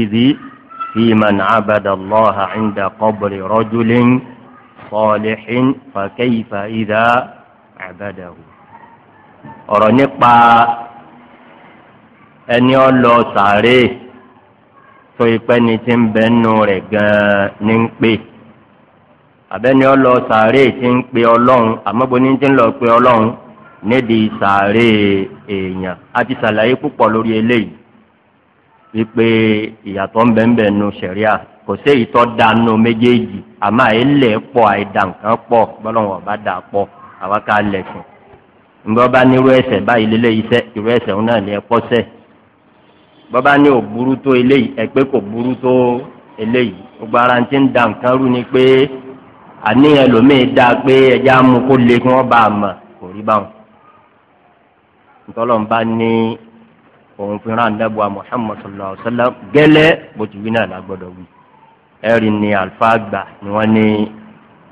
إذ في من عبد الله عند قبر رجل صالح فكيف إذا عبده ọ̀rọ̀ nípa ẹni ọlọ sàárè tó ipẹ́ ni ti ń bẹ nù rẹ̀ gan-an ní ń pè àbẹ́ni ọlọ sàárè ti ń pe ọlọ́run àmọ́bó ní ti ń lọ pe ọlọ́run nídìí sàárè èèyàn a ti ṣàlàyé púpọ̀ lórí eléyìí wípé ìyàtọ̀ ń bẹ ń bẹ nu sẹ̀ríà kò sí ìtọ́ dànù méjèèjì àmọ́ àìlẹ̀ pọ̀ àìdà nǹkan pọ̀ bọ́lọ́wọ́n bá dà pọ̀ àwa ká lẹ̀sìn ńgbọ́ bá ní irú ẹ̀sẹ̀ báyìí lélẹ̀ iṣẹ́ irú ẹ̀sẹ̀ òun náà ní ẹ̀pọ̀ sẹ̀ bọ́ bá ní òburú tó eléyìí ẹ̀pẹ́ kò burú tó eléyìí gbogbo ara ti ń da nǹkan rú ni pé àníyàn lòmíì dá pé ẹja mú kó le kí wọ́n bá a mọ̀ kò rí báwọn ntọ́lọ́mbá ní òun fi ràn dábùá muhammad sallallahu alaihi wa sallam gẹ́lẹ́ bó náà wí ni àlùfáà ni ní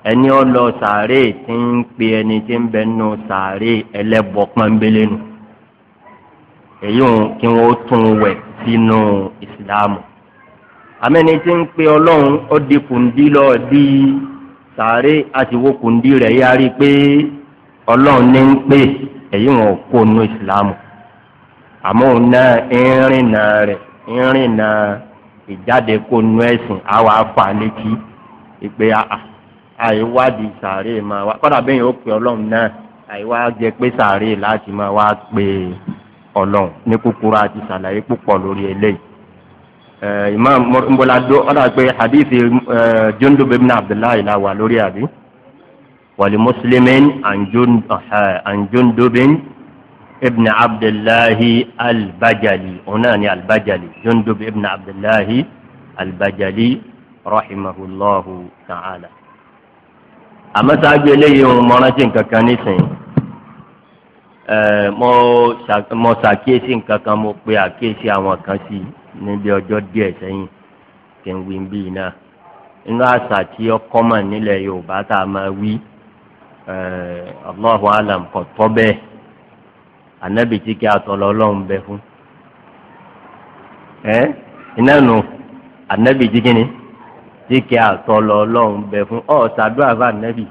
ẹni ó sàárè tí ń pe ẹni tí ń bẹ nù sàárè ẹlẹ́bọ pọ́nbélé nù èyí ò kí wọ́n tún wẹ̀ sínú ìsìláàmù amẹ́ni tí ń pe ọlọ́run ó di kùndí lọ di sàárè àti wo kùndí rẹ̀ yára pé àmọ́ òun náà ìrìnà rẹ̀ ìrìnà ìjáde kó nu ẹ̀sìn àwọn afa létí ìpè àìwádìí sàárè máa wá kọ́dà bẹ́ẹ̀ yóò pè ọlọ́run náà àìwá pé sàárè láti máa wá pè ọlọ́run ní kúkúrú àti sàlàyé púpọ̀ lórí eléyìí. Eh, imam mbola ọ̀dà pé hadith eh, jundub abdullahi la wà lórí àbí wàlí muslimin and eh, jundubin. ابن عبد الله òun náà ni albajali ابن عبد الله albajali رحمه الله تعالى. أما eléyìí òun mọ́rántí nǹkan kan nísìnyí mo ṣàkíyèsí nǹkan kan mo pe àkíyèsí àwọn kan sí níbi ọjọ́ díẹ̀ sẹ́yìn kí n wí bí náà inú àṣà tí ó kọ́mọ̀ nílẹ̀ yorùbá tá a máa wí Allahu alam bẹ́ẹ̀ ànábì tí kí atọlọ Ọlọ́run bẹ fún ẹ iná nù ànábì tí kí ni tí kí atọlọ Ọlọ́run bẹ fún ọ ṣàdúrà fún ànábì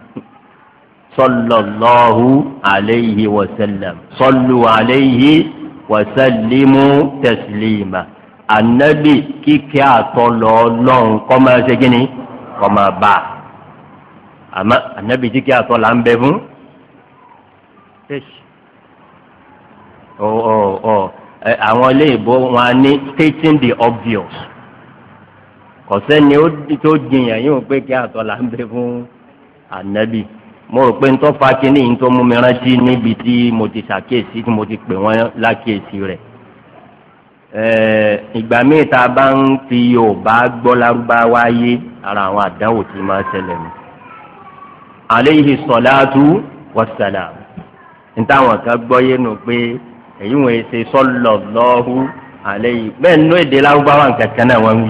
sọlọlọhu aleyhi wasalam sọlù aleyhi wasalimu tẹsílíma ànábì kíkẹ́ àtọlọ Ọlọ́run kó máa ṣe kí ni kó máa bá a àmọ́ ànábì kíkẹ́ àtọlà ń bẹ fún àwọn ilé ìbò wọn á ní stating the obvious kò sẹ́ni tó jiyàn yóò pé kí àtọ́là ń bẹ fún ànábì mo rò pé ń tọ́ fa kínní yìí tó mú mi rántí níbi tí mo ti ṣàkíyèsí tí mo ti pè wọ́n lákíyèsí rẹ̀ ìgbà míì tá a bá ń fi yorùbá gbọ́ lárúbáwá yé ara àwọn àdáwò tí máa ṣẹlẹ̀ mi alayhi salatu wassalam ní táwọn kan gbọ́ yé nu pé èyí wọn èsè sọlọlọhu alẹ yìí bẹ́ẹ̀ nínú èdè lárúbáwá nǹkan kan náà wọn wí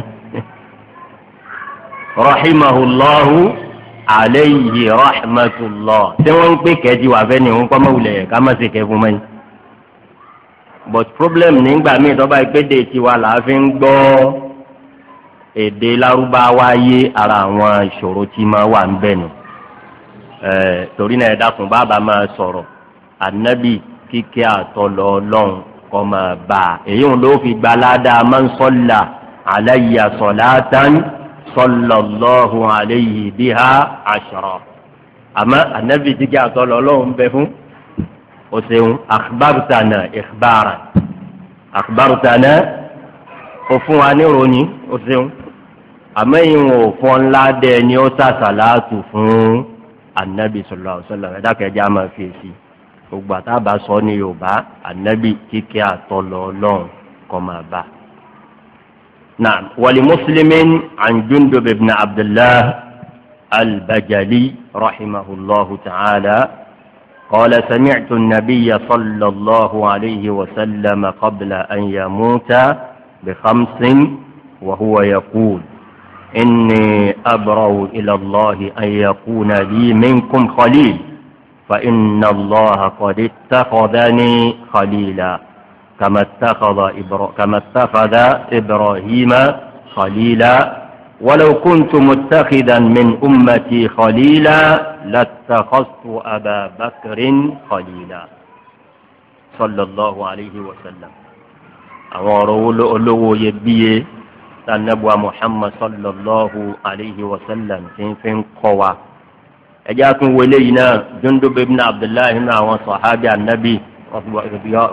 rahimahullahu alẹ yìí rahmatullah ṣé wọn ń pè kẹjì wà fẹ ni wọn kọ mọ wulẹ ká má se kẹ fún mẹyìn but problem nígbà míì tó bá ìpèdè tiwa là á gbọ́ èdè lárúbáwá yé ara àwọn ìṣòro tí máa wà ń bẹ̀ nù torí náà ẹ dákun bàbá máa sọ̀rọ̀ ànábì kíkẹ́ àtọ̀lọ́ ọlọ́run kọ́ máa bá a èyí ń ló fi gbalada máa ń sọ́là aláyà sọ̀láàtàn sọlọ́lọ́hùn àléyìí bíhá àṣọrọ̀ àmọ́ ànábì tí kíkẹ́ àtọ̀lọ́ ọlọ́run bẹ fún o ṣeun akhbartana ikhbara akhbartana o fún wa ní ròyìn o ṣeun àmọ́ ìwọ̀n òfin ńlá dẹ ni ó sàṣàlátù fún ànábì sọlọ́ọ̀ sọlọ́ọ̀ ẹ̀dá kẹjá máa fi èsì gbogbo àtàbà sọ ní yorùbá ànábì kíkẹ́ àtọ̀lọ̀ ọlọ́run kọ́ máa bá. نعم ولمسلم عن جندب بن عبد الله البجلي رحمه الله تعالى قال سمعت النبي صلى الله عليه وسلم قبل أن يموت بخمس وهو يقول إني أبرأ إلى الله أن يكون لي منكم خليل فإن الله قد اتخذني خليلا كما اتخذ إبرا كما اتخذ إبراهيم خليلا ولو كنت متخذا من أمتي خليلا لاتخذت أبا بكر خليلا صلى الله عليه وسلم àwọn ọ̀rọ̀ olówó iyebíye محمد صلى الله عليه وسلم في wa sallam ẹjẹ́ àtúnwò eléyìí náà Jundub ibn Abdullahi nínú àwọn sọ̀hábì ànábì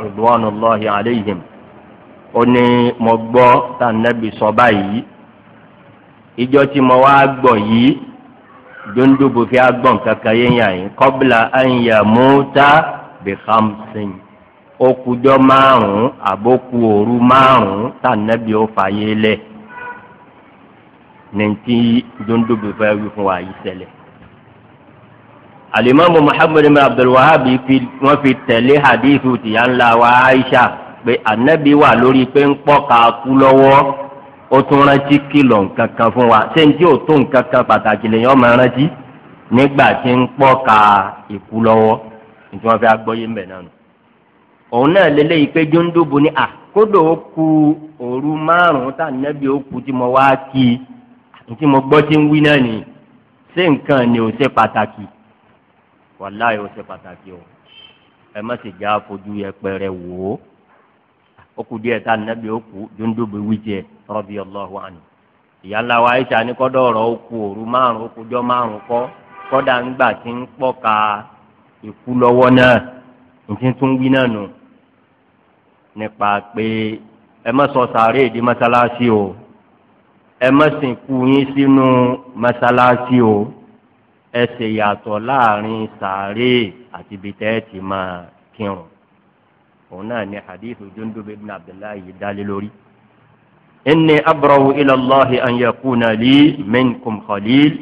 ridwanullahi alayhim ó ní mo gbọ́ tá ànábì sọ báyìí ìjọ tí mo wá gbọ́ yìí fi agbọ̀n kankan yéèyàn yìí qabla an yamuta bi khamsin ó márùn aboku àbókù márùn-ún tá ànábì ó fàyè lẹ̀ ní ti Jundub fẹ́ wa alimami muhammed bin abdulwahabi fi wọn fi tẹ̀lé hadithu tìyà ńlá wa aisha pé anabi wà lórí pé ń pọ̀ ká kú lọ́wọ́ ó tún rántí kìlọ̀ nǹkan kan fún wa ṣé n tí ò tó nǹkan kan pàtàkì lèyàn ọmọ rántí nígbà tí ń pọ̀ ká ìkú lọ́wọ́ ní tí wọ́n fi agbọ́yé mbẹ̀ náà nù. òun náà lélẹ́yìí pé jóńdóbo ní à ó ku òru márùn-ún tá anabi ó ku tí mo wá kí i tí mo gbọ́ tí ń wí náà nìyí ṣé nǹkan ni ò ṣe pàtàkì wàláyé ó ṣe pàtàkì o ẹ má sì já fojú yẹpẹrẹ wò ó ó kù díẹ̀ tá nàbí ó kù dundunbi wíjẹ radiyallahu anhu ìyá ńlá wa Aisha ní kọ́dọ̀ ọ̀rọ̀ ó kù òru márùn ó kùjọ́ márùn kọ́ kọ́dà ńgbà tí ń pọ̀ ka ikú lọ́wọ́ náà nǹkan tó ń wí náà nù nípa pé ẹ má sọ sàárè di mọ́sálásí o ẹ má sìnkú yín sínú mọ́sálásí o ẹsẹ̀ yàtọ̀ láàrin sàárè àti ibi tẹ́ ẹ ti máa kírun òun náà ni hadithu jundub ibn abdullahi yìí dálé lórí. inni abrahu ila allahi an yakuna li minkum khalil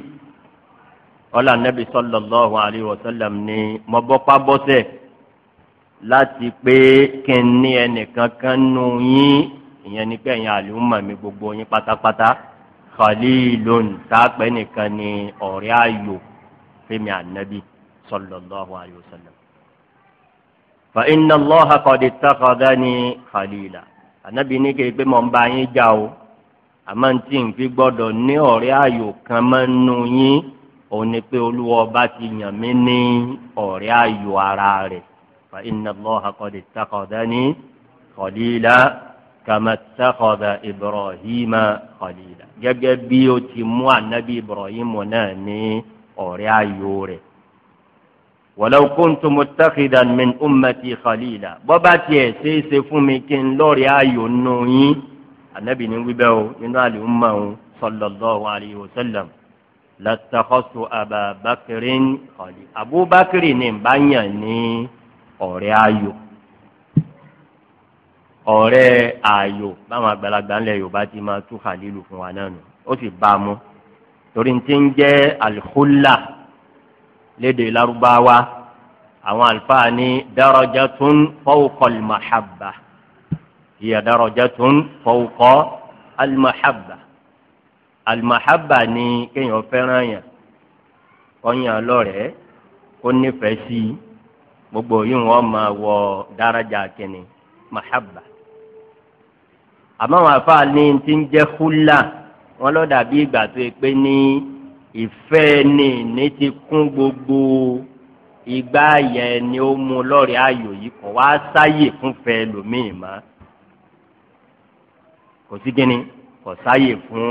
ọlá nabi sallallahu alayhi wa sallam ni mo bọ́ pábọ́sẹ̀ láti pé kí n ní ẹnìkan kan nù yín ìyẹn ni pé ẹ̀yin àlùmọ̀ mi gbogbo yín pátápátá khalilun tá a pẹ́ nìkan ni ọ̀rẹ́ ayò fẹ́mi ànábì sallallahu alayhi wa sallam. fa inna Allaha qad ittakhadhani khalila ànábì ní kéde pé mò ń bá yín jà o àmọ́ ní tí n fi gbọ́dọ̀ ní ọ̀rẹ́ ayò kan máa ń nu yín òun ni pé olúwa ọba ti yàn mí ní ọ̀rẹ́ ayò ara rẹ̀ fa inna Allaha qad ittakhadhani khalila kama takhadha Ibrahima khalila gẹ́gẹ́ bí o ti mú ànábì Ibrahim náà ní ọ̀rẹ́ ayò rẹ̀ walaw kuntu muttakhidan min ummati khalila bọ́bá tiẹ̀ ṣeéṣe fún mi kí n lọ́ọ̀rẹ́ ayò nù yín anabi ni wíbẹ́ o nínú àlùmọ́ òun sallallahu alayhi wa sallam latakhasu ababakirin khalila abubakar ni n bá yàn ní ọ̀rẹ́ ayò ọ̀rẹ́ ayò báwọn àgbàlagbà ńlẹ̀ yorùbá ti máa tú khalilu fún wa náà nù ó sì bá a mú torí n ti ń jẹ́ alhulla lédè Lárúbáwá àwọn àlùfáà ní darajatun fawqa almahabba hiya darajatun fawqa almahabba almahabba ni kéèyàn fẹ́ràn yàn kọ́yàn lọ́rẹ̀ẹ́ kó nífẹ̀ẹ́ sí i gbogbo yìí wọ́n máa wọ daraja kìnnì mahabba àmọ́ àwọn àfáà ní ti ń jẹ́ hulla wọn lọ dàbí ìgbà tó yẹ pé ní ìfẹ́ ni ní ti kún gbogbo ìgbà yẹn ni ó mú lọ́rẹ̀ ayò yìí kọ̀ wá sáyè fúnfẹ́ lòmíì mọ́ kò sí kíni kò sáyè fún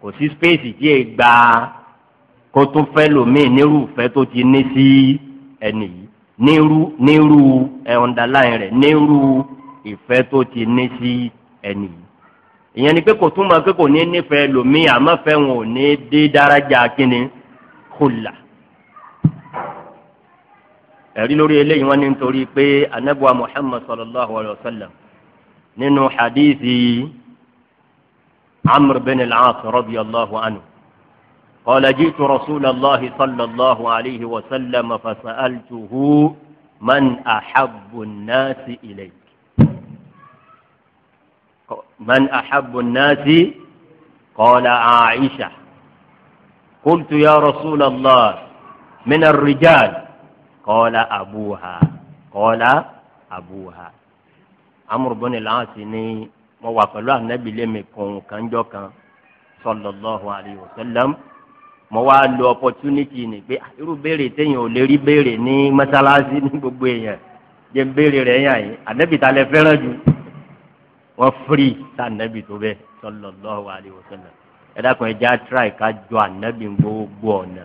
kò sí spéèsì tí è gba kó tó fẹ́ lòmíì nírú ìfẹ́ tó ti ní sí ẹnì yìí nírú nírú ẹ̀ ọ̀ndàláyìn rẹ̀ nírú ìfẹ́ tó ti ní sí ẹnì yìí ìyẹn ni pé kò túmọ̀ pé kò ní nífẹ̀ẹ́ lòmíì àmọ́ fẹ́ wọn ò ní dé dáradà kínní kùlà. ẹ̀rí lórí eléyìí wọ́n ní nítorí pé anábùwà muhammad sallallahu alayhi wa sallam nínú hadithi amr bin al-aas radiyallahu anhu qala jitu rasulallahi sallallahu alayhi wa sallam fasaltuhu man ahabbu nnaasi ilayhi. من أحب الناس قال عائشة قلت يا رسول الله من الرجال قال أبوها قال أبوها عمرو بن العاص ni mo wà pẹ̀lú ànábì lémi kan kanjọ́ kan sallallahu alayhi wa sallam mo wá lo opportunity ni pé ah, irú béèrè téèyàn ò lè rí béèrè ní mọ́sálásí ní gbogbo èèyàn jẹ́ béèrè rẹ̀ yàn yìí ànábì ta lẹ fẹ́ràn jù wọ́n firi tá ànábì tó bẹ́ẹ̀ sallallahu alaihi wasallam ẹ dákun ẹja tíráì ká jọ ànábì gbogbo ọ̀nà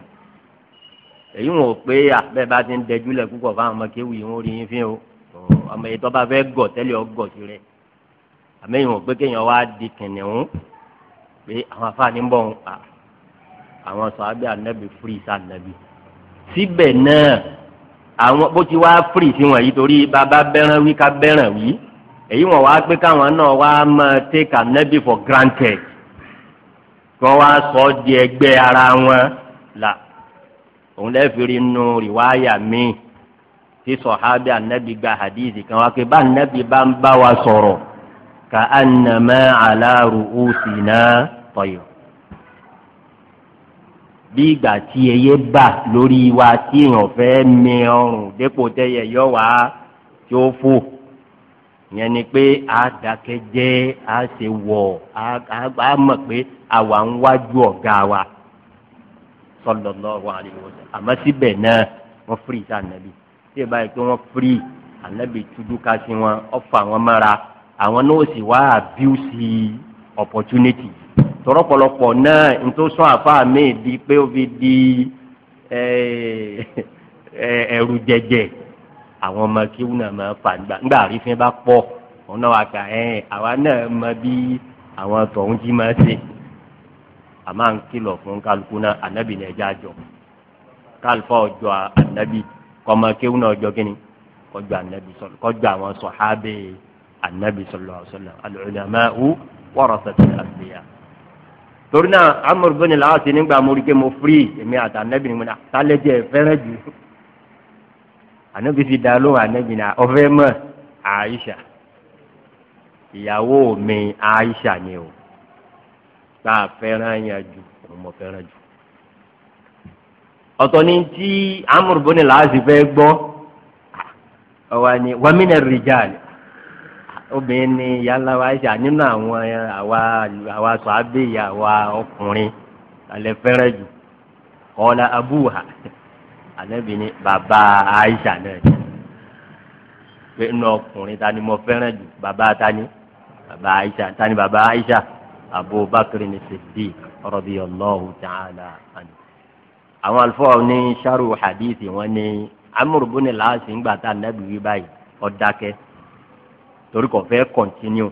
èyí wọn ò pé àbẹ́ bá ti ń dẹjúlẹ̀ púpọ̀ fáwọn ọmọ kéwì wọn rí yín fín o ọmọ ètò bá fẹ́ gọ̀ tẹ́lẹ̀ ọgọ̀ sí rẹ̀ àmọ́ èyí wọn ò pé kéèyàn wá di kìnìún pé àwọn afáàní ń bọ̀ ń pa àwọn sọ̀hábí ànábì firi sí ànábì síbẹ̀ náà àwọn bó ti wá firi sí wọn yìí torí bàbá bẹ́ràn wí ká bẹ́ràn wí èyí wọn wá pé káwọn náà wá máa take anabi for granted kí wọn wá sọ ọ di ẹgbẹ́ ara wọn là òun lẹ́fìrí nu rìwáyà míì tí sọ̀hábì anabi gba hadithi kan wá pé bá anabi bá ń bá wa sọ̀rọ̀ ka annama ala ru'usina tayr bí ìgbà tí ẹyẹ bà lórí wa tí èèyàn fẹ́ mi ọrùn dépò tẹ́yẹ yọ wá tí ó fò yẹn ni pé àdàkẹ́jẹ́ á ṣe wọ̀ á mọ̀ pé àwa ń wájú ọ̀gá wa sallallahu alaihi wasallam àmọ́ síbẹ̀ náà wọ́n firi sí ànábì tí ì báyìí pé wọ́n firi ànábì tuntun ká sí wọn ọ̀fọ̀ àwọn mọ́ra àwọn náà sì wá àbíùsì opportunity tọ̀rọ̀pọ̀lọpọ̀ náà nítorí sọ àfáà mi di pé ó fi di eh, eh, ẹ̀rù jẹjẹ. Eh, eh, àwọn ọmọ kíw náà máa fà nígbà nígbà àrífín bá pọ̀ òun náà wà kà ẹ àwa náà mọ bí àwọn tọ̀hún jí máa ṣe àmọ́ à ń kìlọ̀ fún kálukú náà ànábì ní ẹja àjọ kálífà ọjọ́ ànábì kọ́mọ kíw náà ọjọ́ kínní kọjọ ànábì sọlọ kọjọ àwọn sọ̀hábẹ́ ànábì sọlọ sọlọ al-ulama'u warasatul anbiya torí náà amúrúbẹ́ni làwọn ti nígbà mórí pé mo firi èmi àtànábì ànábi fi dá lóhùn ànábi náà ọ̀fẹ́ mọ̀ àyíṣà ìyàwó mi àyíṣà ni o tá a fẹ́ràn yẹn jù òun mọ̀ fẹ́ràn jù. ọ̀tọ̀ ni tí amúrúbọ́nì làásì fẹ́ gbọ́ ọ̀wá ni wàmínà rìjàlì obìnrin ni yàrá wa nínú àwọn àwa sọ ọkùnrin alẹ́ fẹ́ràn ju kọ́lá abúhà. ànábì ni bàbá Aisha náà ni pé inú ọkùnrin ta ni mo fẹ́ràn jù bàbá ta bàbá Aisha tani, ni bàbá Aisha Abubakar ni Siddiq radiyallahu ta'ala anhu. àwọn alfọ́ ni sharu hadithi wọn ní Amr ibn al-As ńgbà tá ànábì wí báyìí ó dákẹ́ torí kò fẹ́ kọ̀ntínú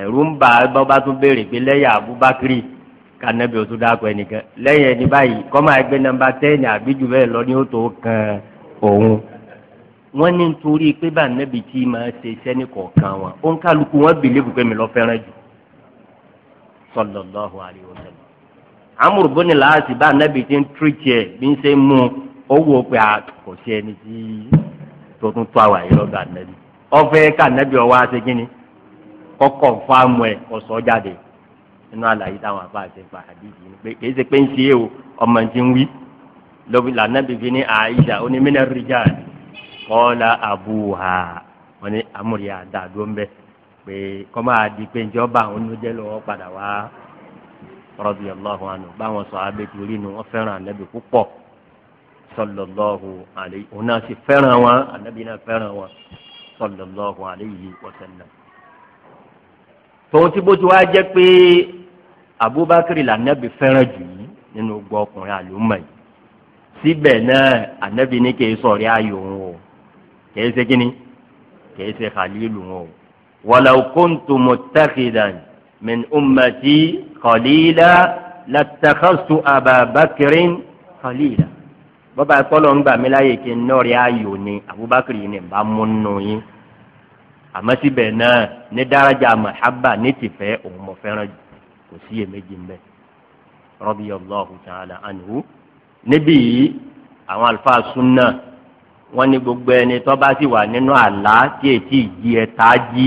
ẹ̀rú ń bá bá tún béèrè pé lẹ́yìn Abubakar. kanabi oṣù dàpọ̀ ẹnìkan lẹ́yìn ẹni báyìí kọ́ máa gbé nọmba tẹ́ẹ̀nì àbí jù bẹ́ẹ̀ lọ ní ó tó kan òun. wọ́n ní nítorí pé bá tí máa ṣe iṣẹ́ ní kọ̀ọ̀kan wọn ó ń kálukú wọn pé mi lọ fẹ́ràn jù amúrò bóni bá tí ń bí ń ṣe ń mú ó wò inú àlàyé táwọn afáàṣẹ fa àdìsí ni pé kìí ṣe pé ń ṣe é o ọmọ ti ń wí lọ́bi lànà bìbí ní àyíṣà onímínà rijal kọ́lá àbúhà wọn ni amúrí àdàdo ń bẹ pé kọ́ máa di pé ìjọba àwọn oníjẹ́ lọ́wọ́ padà wá radiyallahu anhu báwọn sọ abẹ́tù rí nu wọ́n fẹ́ràn ànábì púpọ̀ sallallahu alayhi òun náà sì fẹ́ràn wọn ànábì náà fẹ́ràn wọn sallallahu alayhi wa sallam tòun tí bó ti wá jẹ́ pé Abubakar lànàbì fẹ́ràn jù yìí nínú gbọ́ ọkùnrin àlùmọ̀ yìí síbẹ̀ náà ànàbì ní kìí sọ̀rí ayò òun o kìí ṣe kíni kìí ṣe khalilu òun o walau kuntu muttakhidan min ummati khalila latakhastu ababakirin khalila bọ́ba ẹ̀kọ́ ń gbà mí láyè kí n nọ́ọ̀rí ayò ni Abubakar yìí ní bá mú nù yín àmọ́ síbẹ̀ náà ní daraja mahaba ní tìfẹ́ òun mọ̀ fẹ́ràn jù kò sí èméjì ńbẹ radiyallahu ta'ala anhu níbí yìí àwọn àlùfáà súnà wọ́n ní gbogbo ẹni tó bá sì wà nínú àlá tí ètí ìjì ẹ̀ta jí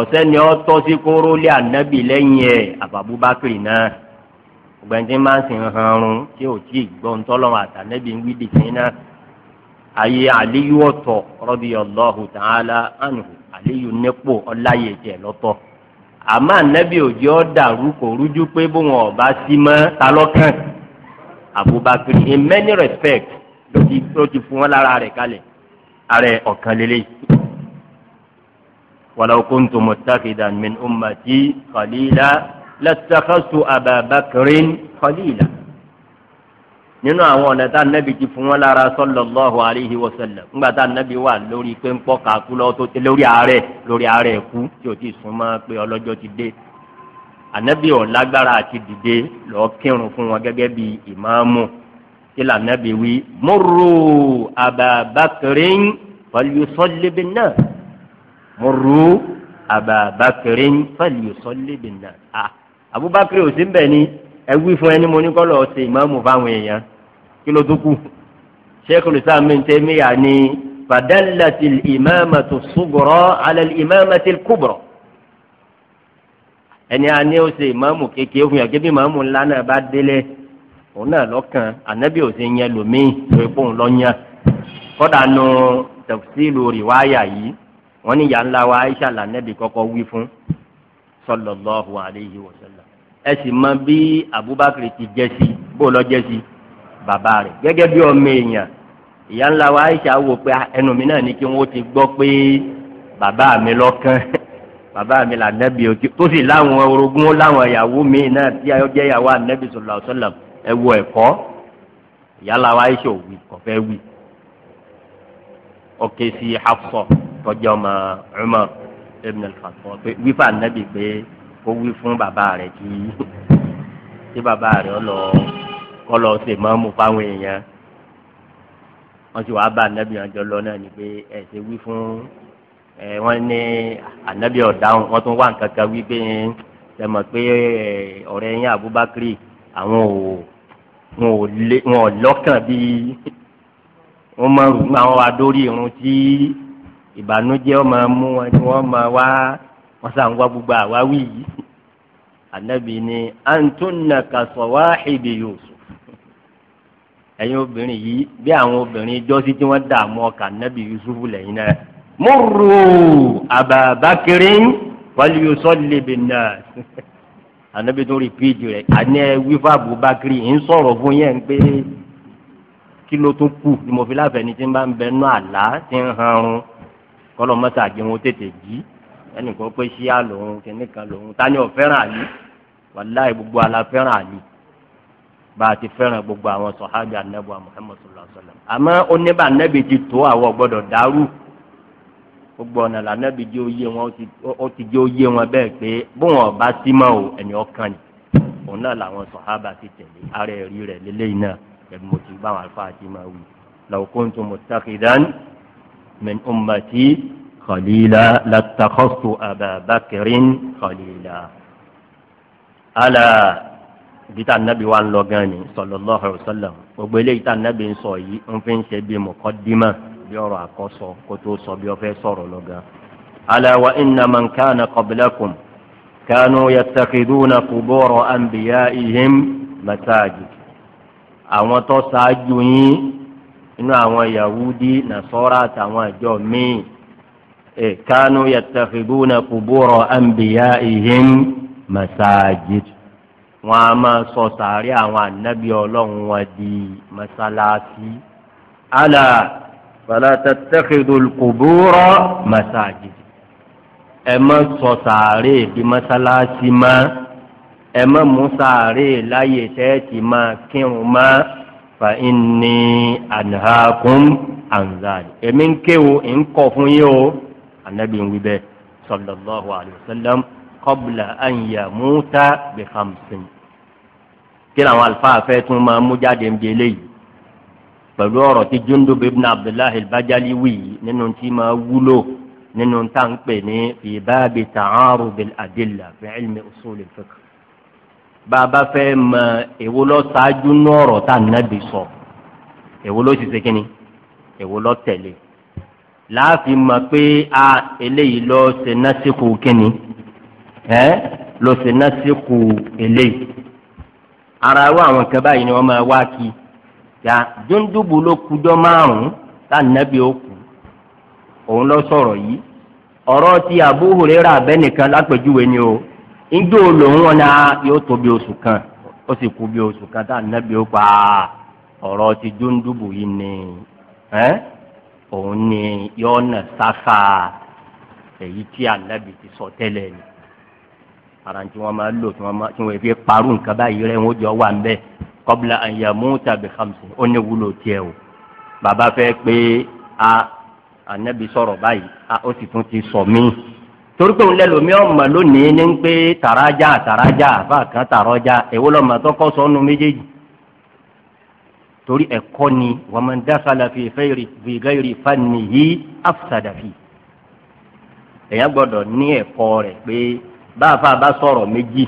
ọ̀sẹ́ni ọ́ tọ́ sí kóró lé ànábì lẹ́yìn ẹ̀ àbàbúbákìrì náà ọ̀gbẹ́ni tí máa ń sìn hàn run tí ò tí ì gbọ́ ń tọ́lọ́run àtànẹ́bí ń wí dìtín náà ayé àléyù ọ̀tọ̀ radiyallahu ta'ala anhu àléyù nípò ọláyẹjẹ lọ́tọ̀ àmọ́ ànábì òjì ọ̀dàrú kò rújú pé bóun ọ̀bá sí mọ́ talọ́kàn Abubakar in many respects ló ti ló ti fún wọn lára rẹ̀ kalẹ̀ ara ọ̀kan lélẹ̀ walaw kuntu muttakhidan min ummati khalila lattakhadhtu Aba Bakrin khalila nínú àwọn ọ̀nà tá nẹ́bi ti fún wọn lára sallallahu alaihi wasallam ńgbà tá nẹ́bi wà lórí pé ń pọ́ kàkú lọ́wọ́ tó lórí àárẹ̀ lórí àárẹ̀ kú tí ò ti súnmọ́ pé ọlọ́jọ́ ti dé ànẹ́bi ò lágbára àti dìde lọ́ọ́ kírun fún wọn gẹ́gẹ́ bí ìmáàmù tí lànẹ́bi wí murru ababakirin falyusalli binnas murru ababakirin falyusalli binnas ah, abubakar ò sí mbẹ ni ẹ wí fún ẹni mo ní kọ́ lọ́ọ́ ṣe ìmáàmù fáwọn èèyàn kí ló tó kù Sheikhul Islam Ibn Taymiyyah ni fadallati al-imamatu as-sughra ala al-imamati al-kubra ẹni a ní o ṣe ìmáàmù kékeré fún yàrá kébí ìmáàmù ńlá náà bá délé òun náà lọ́kàn ànábì ò ṣe yẹn lòmíì lórí pé òun lọ́ yàn kọ́dà nu tafsilu riwaya yìí wọ́n ní yàrá ńlá wa Aisha lànàbì kọ́kọ́ wí fún sallallahu alayhi wa sallam ẹ sì mọ bí Abubakar ti jẹ́ sí bó lọ jẹ́ sí bàbá rẹ̀ gẹ́gẹ́ bí ọmọ èèyàn ìyá ńlá wa Aisha wò pé ah, ẹnu mi náà ní kí wọ́n ti gbọ́ pé bàbá mi lọ́kàn bàbá mi là nẹ́bi òkè tó sì láwọn orogún láwọn ìyàwó mi náà tí ayọ́ jẹ́ ìyàwó ànẹ́bi sallallahu alaihi wasallam ẹ wo ẹ̀kọ́ ìyá ńlá wa Aisha ò wí kọ̀ fẹ́ sí Hafsa tọ́jú ọmọ Umar ibn al-Khattab pé wífà ànẹ́bi pé kó wí fún bàbá rẹ̀ kí bàbá rẹ̀ ọ lọ kọlọ ṣe máa mú fáwọn èèyàn wọn sì wáá bá anabi àjọ lọ náà ni pé ẹ ṣe wí fún ẹ wọn ní anabi ọ̀dáhùn wọn tún wá nǹkan wí pé ṣe mọ̀ pé ọ̀rẹ́ yín Abubakar àwọn ò wọn ò lé wọn ò lọ́kàn bíi wọn máa rù mí àwọn adórí irun tí ìbànújẹ́ ọmọ mú wọn tí wọ́n máa wá wọn sàn wá gbogbo àwáwí yìí anabi ni antunna ka sawahibi Yusuf ẹ̀yin obìnrin yìí bí àwọn obìnrin jọ́sí tí wọ́n dààmú ọkà nẹ́bí yusuf lẹ́yìn náà múrù àbàbákiri wàlú yusalli binnas ànábi tó rìpíìtì rẹ̀ àní ẹ wífà àbúbákiri ń sọ̀rọ̀ fún yẹn pé kí ló tún kù ni mo fi láfẹ̀ẹ́ ni tí n bá ń bẹ nú àlá tí ń hanrun kọ́lọ́ mọ́tà àjẹun tètè jí ẹnì kan pé ṣíà lòun kìnnìkan lòun ta ni ò fẹ́ràn àlè wàláì gbogbo àlà fẹ́ràn àlè bá a ti fẹ́ràn gbogbo àwọn sọ̀hábì ànábì Muhammad sallallahu alaihi wasallam àmọ́ oníbà ànábì ti tó àwọn gbọ́dọ̀ dàrú gbogbo ọ̀nà lànàbì jẹ́ oyé wọn ó ti jẹ́ oyé wọn bẹ́ẹ̀ pé bóun ọba sí mọ́ o ẹni ọkàn ni òun náà làwọn sọ̀hábà ti tẹ̀lé ara ẹ̀rí rẹ̀ lélẹ́yìn náà ẹ̀bí mo ti bá àwọn àlùfáà ti máa wí law kuntu muttaqidan min ummati khalila latakhastu Aba Bakrin khalila. ala ibi tá anabi wa ń lọ gan ni sallallahu alaihi wasallam gbogbo eléyìí tá anabi ń sọ yìí ń fi ń ṣe bí muqaddima bí ọ̀rọ̀ àkọsọ kó tó sọ bí ó fẹ́ sọ̀rọ̀ lọ gan. ala wa inna man kana qablakum kanu yattakhiduna qubura anbiyaihim masajid. àwọn tó ṣáájú yín inú àwọn yahudi nasara àtàwọn àjọ míì eh, kanu yattakhiduna qubura anbiyaihim masajid wọn a máa sọ sàárẹ àwọn ànábì Ọlọ́run wọn di mọ́sálásí ala fala tattakhidul qubura masajid ẹ má sọ sàárẹ di mọ́sálásí mọ́ ẹ má mú sàárẹ láyè tẹ́ẹ̀tì máa kírun mọ́ fa inni anhaakum anzali èmi ń kéwò ń kọ̀ fún yín o ànábì ń wí bẹ́ẹ̀ sallallahu alayhi wa sallam qabla an yamuta bi kí làwọn àlùfáà fẹ́ tún máa mú jáde ń bi eléyìí pẹ̀lú ọ̀rọ̀ tí Jundub ibn Abdullahi al-Bajali wì nínú tí máa wúlò nínú tá à ń pè ní fi baabi ta'arud al-adilla fi ilmi usul al-fiqh bàbá fẹ́ mọ èwo ló ṣáájú ní ọ̀rọ̀ tá sọ èwo ló kínní èwo tẹ̀lé láàfin mọ̀ pé a eléyìí ló ṣe násìkò kínní ẹ ló ṣe násìkò eléyìí. ara arú àwọn nǹkan báyìí ni wọ́n máa ya dúndùbù ló kújọ́ márùn-ún tá nàbí ó òun lọ sọ̀rọ̀ yìí ọ̀rọ̀ ti Abu Huraira abẹ́nìkan lápẹ̀júwe ni o ìjọ lòun wọn náà yóò tóbi kan ó sì kú bí oṣù kan tá nàbí ó pa ọ̀rọ̀ ti dúndùbù yìí ni òun ni yọ̀ọ́nà sáfà èyí tí sọ tẹ́lẹ̀ ara tí wọ́n máa lò tí wọ́n fi parú nǹkan báyìí rẹ̀ wọ́n jọ wà ń bẹ́ẹ̀ kọ́bla àyàmú tàbí hamsin ó ní wúlò tiẹ̀ o bàbá fẹ́ pé a ànábi sọ̀rọ̀ báyìí a ó sì tún ti sọ mí torí pé òun lẹ́lòmí ọ̀mà lónìí ní pé tàrájà tàrájà àfa kan tàrọ́jà èwo lọ́mọ tó kọ́ sọ́nu méjèèjì torí ẹ̀kọ́ ni wọ́n máa ń dákàlà fi fẹ́ẹ̀rì fìgẹ́rì fani yìí àfùsàdàfì èèyàn gbọ́dọ̀ ní ẹ̀kọ́ rẹ̀ pé báàfà bá sọ̀rọ̀ méjì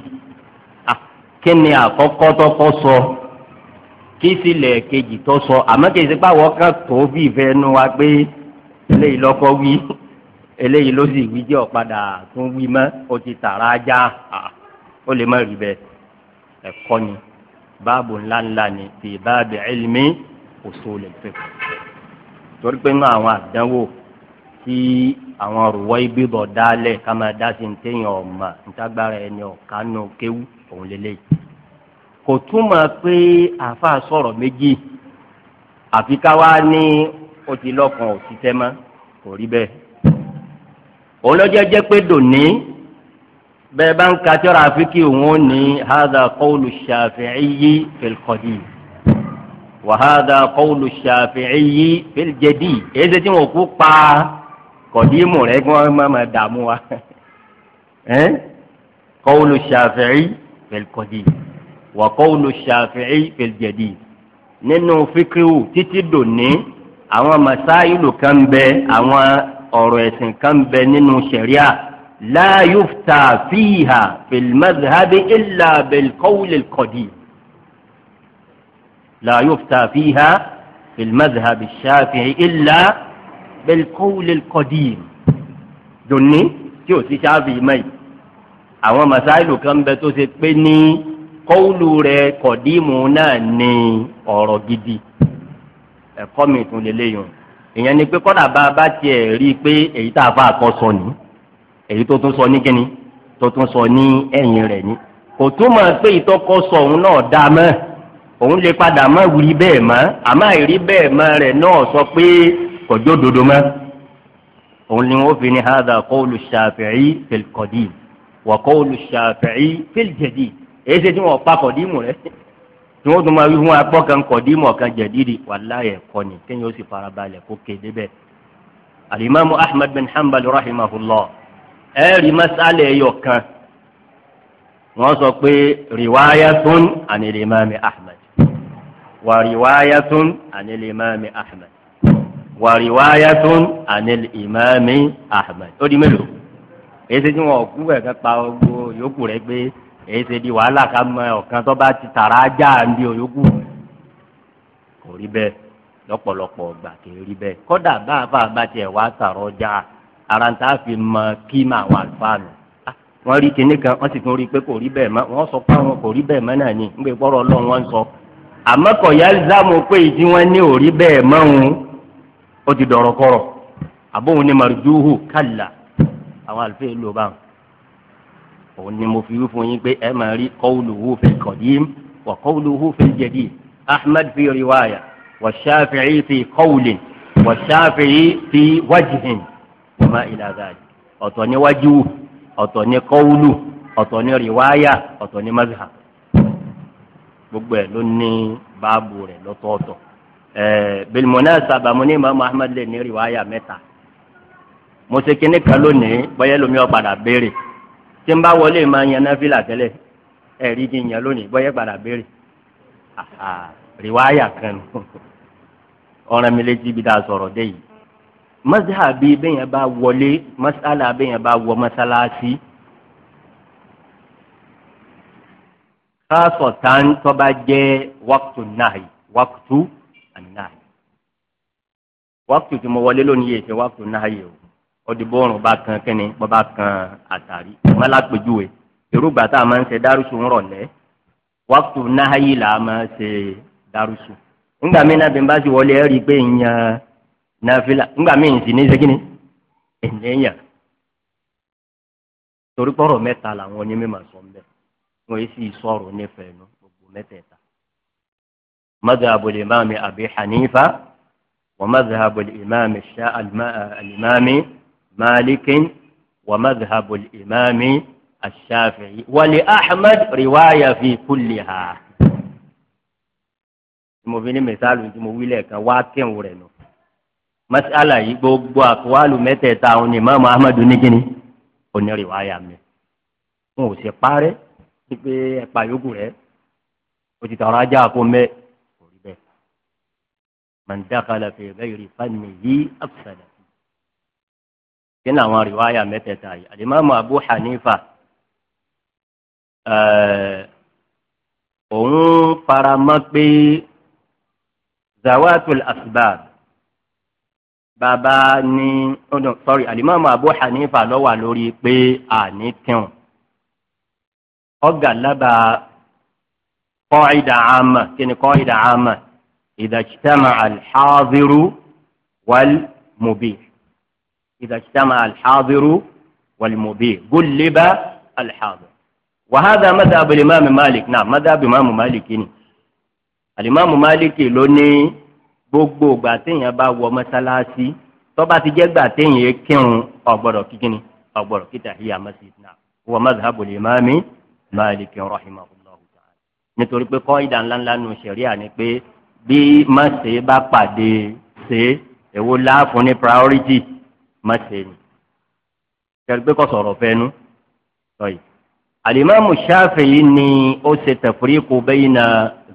kí ni àkọ́kọ́ tó kọ́ sọ kí sì lè kejì tó sọ àmọ́ kì í ṣe báwọ̀ kan tó bí ìfẹ́ nu wa pé eléyìí lọ́kọ́ wí eléyìí ló sì wí jẹ́ ọ̀padà tó wí mọ́ ó ti tààrà ajá ó lè má rí bẹ́ẹ̀ ẹ̀kọ́ ni báàbù ńláńlá ni fi báàbù ilmi usul al-fiqh torí pé ń àwọn àdánwò tí àwọn ọ̀rùwọ́ ibi bọ̀ dálẹ̀ ká máa dá sí ntẹ̀yìn ọ̀mà ntagbára ẹni ọ̀kánú kéwú òun lélẹ̀ kò túmọ̀ pé àfa sọ̀rọ̀ méjì àfi ká wá ní ó ti lọ́kàn ó ti tẹ́ mọ́ kò rí bẹ́ẹ̀ òun lọ́jọ́ jẹ́ pé dòní bẹ́ẹ̀ bá ń ka tẹ́ra àfikì òun ó ní hadha qawlu shafi'i fil qadim wa hadha qawlu shafi'i fil èyí ṣe tí wọn kú pa á kọ̀dímù rẹ̀ kí wọ́n má má dààmú wa kọ́wùlù ṣàfẹ́rí pẹ̀lúkọ̀dí wà kọ́wùlù ṣàfẹ́rí pẹ̀lújẹ̀dí nínú fíkíwù títí dòní àwọn masáìlù kan bẹ àwọn ọ̀rọ̀ ẹ̀sìn kan bẹ nínú ṣẹ̀ríà láàyò fta fíhà pẹ̀lúmọ́dàbí ìlà pẹ̀lúkọ́wùlù kọ̀dí láàyò fta fíhà pẹ̀lúmọ́dàbí ṣàfẹ́rí ìlà bilqawlil qadim dòní tí ò sí sáfì mẹ́yì àwọn masáìlù kan bẹ tó ṣe pé ní kọ́wùlù rẹ kọ̀dímù náà ní ọ̀rọ̀ gidi ẹ̀kọ́ mi tún lélẹ́yìn ìyẹn ni pé kọ́dà bá a bá tiẹ̀ rí i pé èyí tá a fà kọ́ sọ ní èyí tó tún sọ ní kíni tó tún sọ ní ẹ̀yìn rẹ̀ ni kò túmọ̀ pé ìtọ́kọ́ sọ òun náà dá a mọ́ òun lè padà má wí bẹ́ẹ̀ mọ́ àmọ́ àìrí bẹ́ẹ̀ mọ́ rẹ̀ náà sọ pé kọjọ dodo mẹ òun ni wọn fi ni hadha qawlu shafi'i fil qadim wa qawlu shafi'i fil jadid èyí ṣe tí wọn pa kọdímù rẹ tí wọn tún máa wí fún wa gbọ́ kan kọdímù ọ̀kan jadidi wàláyé kọ́ni kéèyàn ó sì farabalẹ̀ kó kéde bẹ́ẹ̀ alimami ahmed bin hanbal rahimahullah ẹ̀rí masalẹ̀ ẹ̀yọ̀ kan wọ́n sọ pé riwayatun anil imami ahmed wa riwayatun anil imami ahmed wàríwáyàtún ànil ìmáàmì ahmed ó di mélòó èyí ṣe tí wọn kú ẹ̀ka pa gbogbo yòókù rẹ pé èyí ṣe di wàhálà ká mọ ọ̀kan tó bá ti tàrà ajá ń di òyòókù kò rí bẹ́ẹ̀ lọ́pọ̀lọpọ̀ ọgbà kì í rí bẹ́ẹ̀ kódà bá a bá a bá tiẹ̀ wá tàrà ọjà ara ń tá a fi mọ kí mà wà fáànù ah, wọ́n rí kinní kan wọ́n sì tún rí i pé kò rí bẹ́ẹ̀ mọ́ wọ́n sọ pé àwọn kò rí bẹ́ẹ̀ mọ́ náà ni ń gbé ọlọ́run wọn sọ àmọ́ kọ̀yà zámo pé ìdí wọn ní òrí bẹ́ẹ̀ mọ́ òun ó ti dọ̀rọ̀ kọ̀rọ̀ àbóhun ni marjuhu kàlà àwọn àlùfẹ́ ìlú ọba òun ni mo fi wí fún yín pé ẹ máa rí qawluhu fil qadim wa qawluhu fil jadid ahmed fi riwaya wa shafi'i fi qawlin wa shafi'i fi wajhin wa ma ọ̀tọ̀ ni wájú ọ̀tọ̀ ni qawlu ọ̀tọ̀ ni riwaya ọ̀tọ̀ ni mazhab gbogbo ẹ̀ ló ní báàbù rẹ̀ lọ́tọ̀ọ̀tọ̀ Eh, bilmunasaba mo ní imaamu ahmed lè ní riwaya mẹ́ta mo ṣe kíní kan lónìí bóyá lomi ọ̀padà béèrè tí n bá wọlé máa yan náfìlà tẹ́lẹ̀ ẹ̀rí ti yan lónìí bóyá padà béèrè riwaya kan nù ọ̀ràn mi létí ibi tá a sọ̀rọ̀ dé yìí masahabi bẹ́yẹn bá wọlé masala bẹ́yẹn bá wọ masalasi káàsọ̀ tán tó bá jẹ́ wákùtù náà wákùtù. àníláàyè wákùtù tí mo wọlé lónìí yìí ṣe wákùtù náà yìí o ọdìbò kan kan àtàrí ìmọ̀ tá a máa ń ṣe dárúṣu ń rọ̀lẹ́ wákùtù náà yìí ma máa ṣe ńgbà mí n bá sì wọlé ẹ pé ń yan nàfìlà ńgbà mí ń sì ní ṣe sọ ń yìí sì nu مذهب الإمام أبي حنيفة ومذهب الإمام الشاء الإمام مالك ومذهب الإمام الشافعي ولأحمد رواية في كلها mo fi ní mẹsàlù tí mo wí lẹ́ẹ̀kan wá kẹ́hùn rẹ̀ nù. masala yìí gbogbo àkọwálù mẹ́tẹ̀ẹ̀ta òun ni mọ́mọ́ ahmadu nígínní onírìwáyà mi. n ò sì parẹ́ wípé ẹ̀pà yòókù rẹ̀ òtítọ́ ọ̀rọ̀ ajá kò mẹ́ẹ̀ man dakhala fi ghayri fannihi afsada kínú àwọn rìwáyà mẹ́tẹ̀ẹ̀ta yìí alimami abu hanifa òun faramọ́ pé zawatul asbab bàbá ní ọdún oh no, sorry alimami abu hanifa ló wà lórí pé àní tiwọn ọgà lábàá kọ́ ìdá àmà kí ni kọ́ ìdá àmà إذا اجتمع الحاضر والمبيح إذا اجتمع الحاضر والمبيح قلب الحاضر وهذا مذهب الإمام مالك نعم مذهب الإمام مالك ني الإمام مالك ló ní gbogbo ìgbà téèyàn bá wọ mọ́sálásí tó bá ti jẹ́ gbà téèyàn kírun ò gbọdọ̀ kíkíni ò gbọdọ̀ kíta hiya masjid náà huwa madhhabu al-imami Malik rahimahullahu ta'ala nítorí pé kọ́ ìdá ńláńlá nu ṣẹ̀ríà ni pé bí mọ̀sẹ̀ bá pàdé ṣe èwo láàfún ní priority mọ̀sẹ̀ ni kẹgbẹ́ kọ sọ̀rọ̀ fẹ́nu sọ̀yì. alimami shafi'i ni ó ṣe tafriqu bayna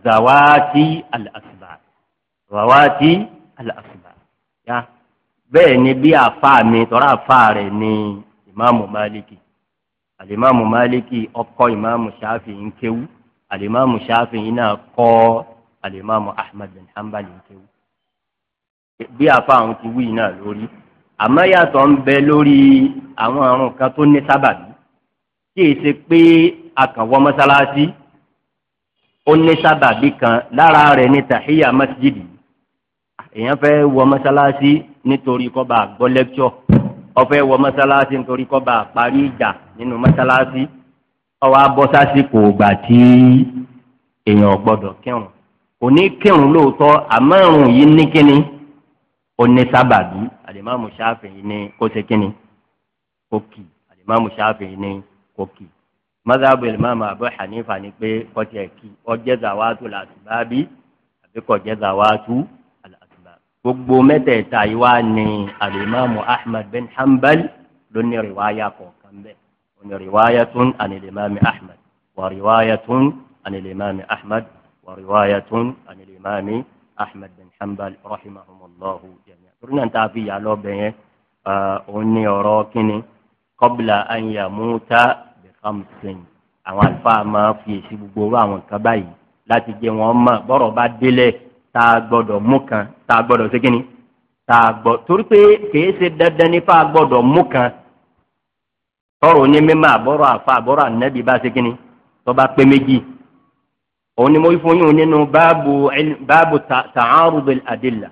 zawati al-asbab zawati al-asbab ya bẹ́ẹ̀ ni bí àfa mi tọ́ra àfa rẹ̀ ni imaamu maliki alimami maliki ọkọ imaamu shafi'i ń kéwú alimami shafi'i náà kọ́ ọ́ alimami ahmed bin hanbal nkewu bí afa àwọn ti wí náà lórí àmọ́ yàtọ̀ ń bẹ lórí àwọn àrùn kan tó ní sábàbí tí èsì pé akànwọ́ mọ́sálásí ó ní sábàbí kan lára rẹ̀ ní tàhíyà masjidi èèyàn fẹ́ wọ mọ́sálásí nítorí kó bá gbọ́ lẹ́kṣọ̀ ó fẹ́ wọ mọ́sálásí nítorí kó bá parí ìjà nínú mọ́sálásí ó wá bọ́ sásìkò tí èèyàn gbọ́dọ̀ kírun òní kírun lóòótọ́ àmọ́rùn yìí ní kíni òní sábàbí àdèmàmù ṣáfìn yìí ní kó ṣe kíni kókì àdèmàmù ṣáfìn yìí ní kókì mọ́sáàbù ìlímàmù Abu Hanifa ni pé kọ́tí ẹ̀ kí ọjẹ́zà wá tó làtìbábí àbí kọ́jẹ́zà wá tó àlàtìbá. gbogbo mẹ́tẹ̀ẹ̀ta yìí wá ní àdèmàmù Ahmad bin Hanbal lóní rìwáyà kọ̀ọ̀kan bẹ́ẹ̀ òní rìwáyà rìwáyà tún àní ورواية عن الإمام أحمد بن حنبل رحمه الله جميعا قلنا أنت في يالو بين أني أراكني قبل أن يموت بخمس àwọn àlùfáà máa fi èsì gbogbo owó àwọn nǹkan báyìí láti jẹ wọn mọ bọ́rọ̀ bá délẹ̀ tá a gbọ́dọ̀ mú kan tá a gbọ́dọ̀ ségin ni tá a gbọ́ torí pé kìí ṣe dandan nípa a mú kan tọrọ ní mímọ àfa àbọrọ ànẹbí bá ségin ni tó bá pé méjì òun ni mo fún yín nínú báàbù báàbù tààrùbẹ̀ àdìlà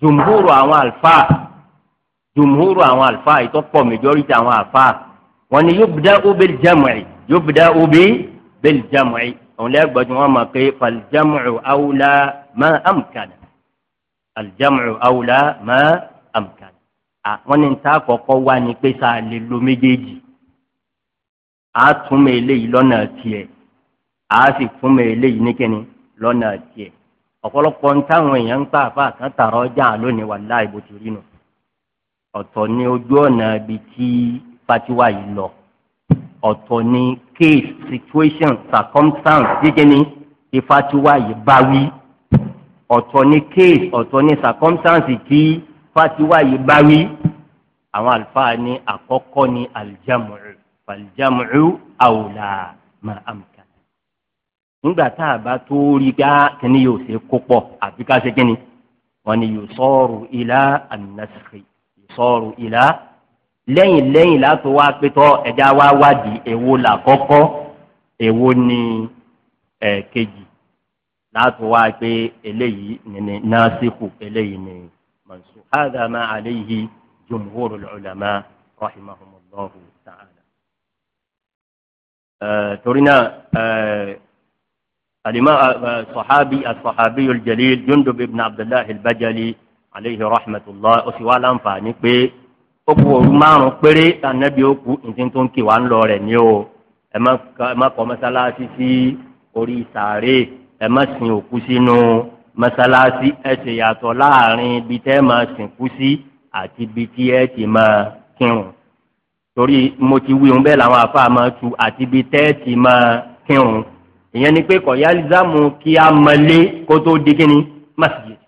jùmùhúrù àwọn àlùfáà jùmùhúrù àwọn àlùfáà ìtọ́pọ̀ mẹjọ́rìtì àwọn àlùfáà wọn ni yubda'u bil jam'i yubda'u bil jam'i òun lẹ́gbẹ̀ẹ́dùn wọn mọ̀ pé fàlìjàmù awla ma amkana àlìjàmù awla ma amkana wọn ni ta kọ̀kọ́ wá ni pé sáà lè méjèèjì àtúnmọ̀ eléyìí lọ́nà tiẹ̀ a sì fún mi eléyìí ní kíni lọ́nà tiẹ̀ ọ̀pọ̀lọpọ̀ ń táwọn èèyàn ń pa àfa kan tààrọ̀ ọjà lónìí wà láì bó ti rí nù ọ̀tọ̀ ní ojú ọ̀nà ibi tí fatiwa yìí lọ ọ̀tọ̀ ní case situation circumstance jíjẹ́ tí fatiwa yìí bá wí ọ̀tọ̀ ní case ọ̀tọ̀ ní circumstance tí fatiwa yìí bá wí àwọn àlùfáà ní àkọ́kọ́ ní aljamu faljamu awla ma amka nígbà tá a bá tó rí gá ah, kíní yóò ṣe kó pọ̀ àbí ká ṣe kíni wọn ni yóò sọ̀rọ̀ ilá ànásìkè sọ̀rọ̀ ilá lẹ́yìn lẹ́yìn láti wá pétọ́ ẹja wá wádìí èwo làkọ́kọ́ èwo ni ẹ̀ẹ̀kejì láti wá pé eléyìí ní násìkù eléyìí ní mọ̀nsù. hādhā mā ʿalayhi jumhūru al-ʿulamā torí náà. الإمام الصحابي الصحابي الجليل جندب بن عبد الله البجلي عليه رحمة الله أسوى الأنفاني بي أبو عمر بري النبي أبو إنتين تنكي وان لورنيو أما أما كما سلاسي في أوري ساري أما سنو كسينو مسلاسي ẹsẹ yàtọ̀ láàrin ibi tẹ كسي sìnkú sí àti ibi tí ẹ ti máa kírun torí mo ti wí òun bẹ́ẹ̀ làwọn ìyẹn ni pé kọ̀yálísàmù kí a mọ̀lé kó tó di kíni masjid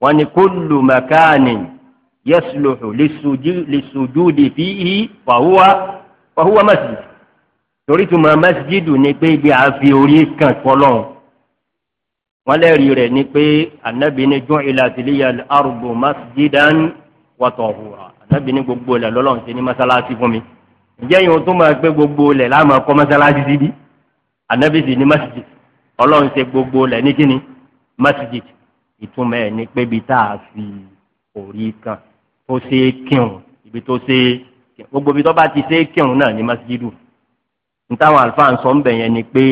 wọn ni kullu makanin yasluhu lisujudi fihi fahuwa fahuwa masjid torí tuma masjidu ni pé ibi àfi orí kan fọlọ́n wọn lẹ́rìí rẹ̀ ni pé anabi ni ju'ilat liya al-ardu masjidan wa tahura anabi ni gbogbo lẹ̀ lọ́lọ́run ti ní masalasi fún mi ǹjẹ́ yìí máa gbé gbogbo lẹ̀ láàmú ọkọ masalasi síbi anabi ni masjid ọlọ́run ṣe gbogbo lẹ̀ ní kíni masjid ìtumọ̀ ẹ̀ ní pé ibi tá a fi orí kan tó ṣe é kírun ibi tó ṣe é gbogbo ibi tó bá ti ṣe é kírun náà ní masjidu ntáwọn alfa ń sọ ń bẹ̀ yẹn ni pé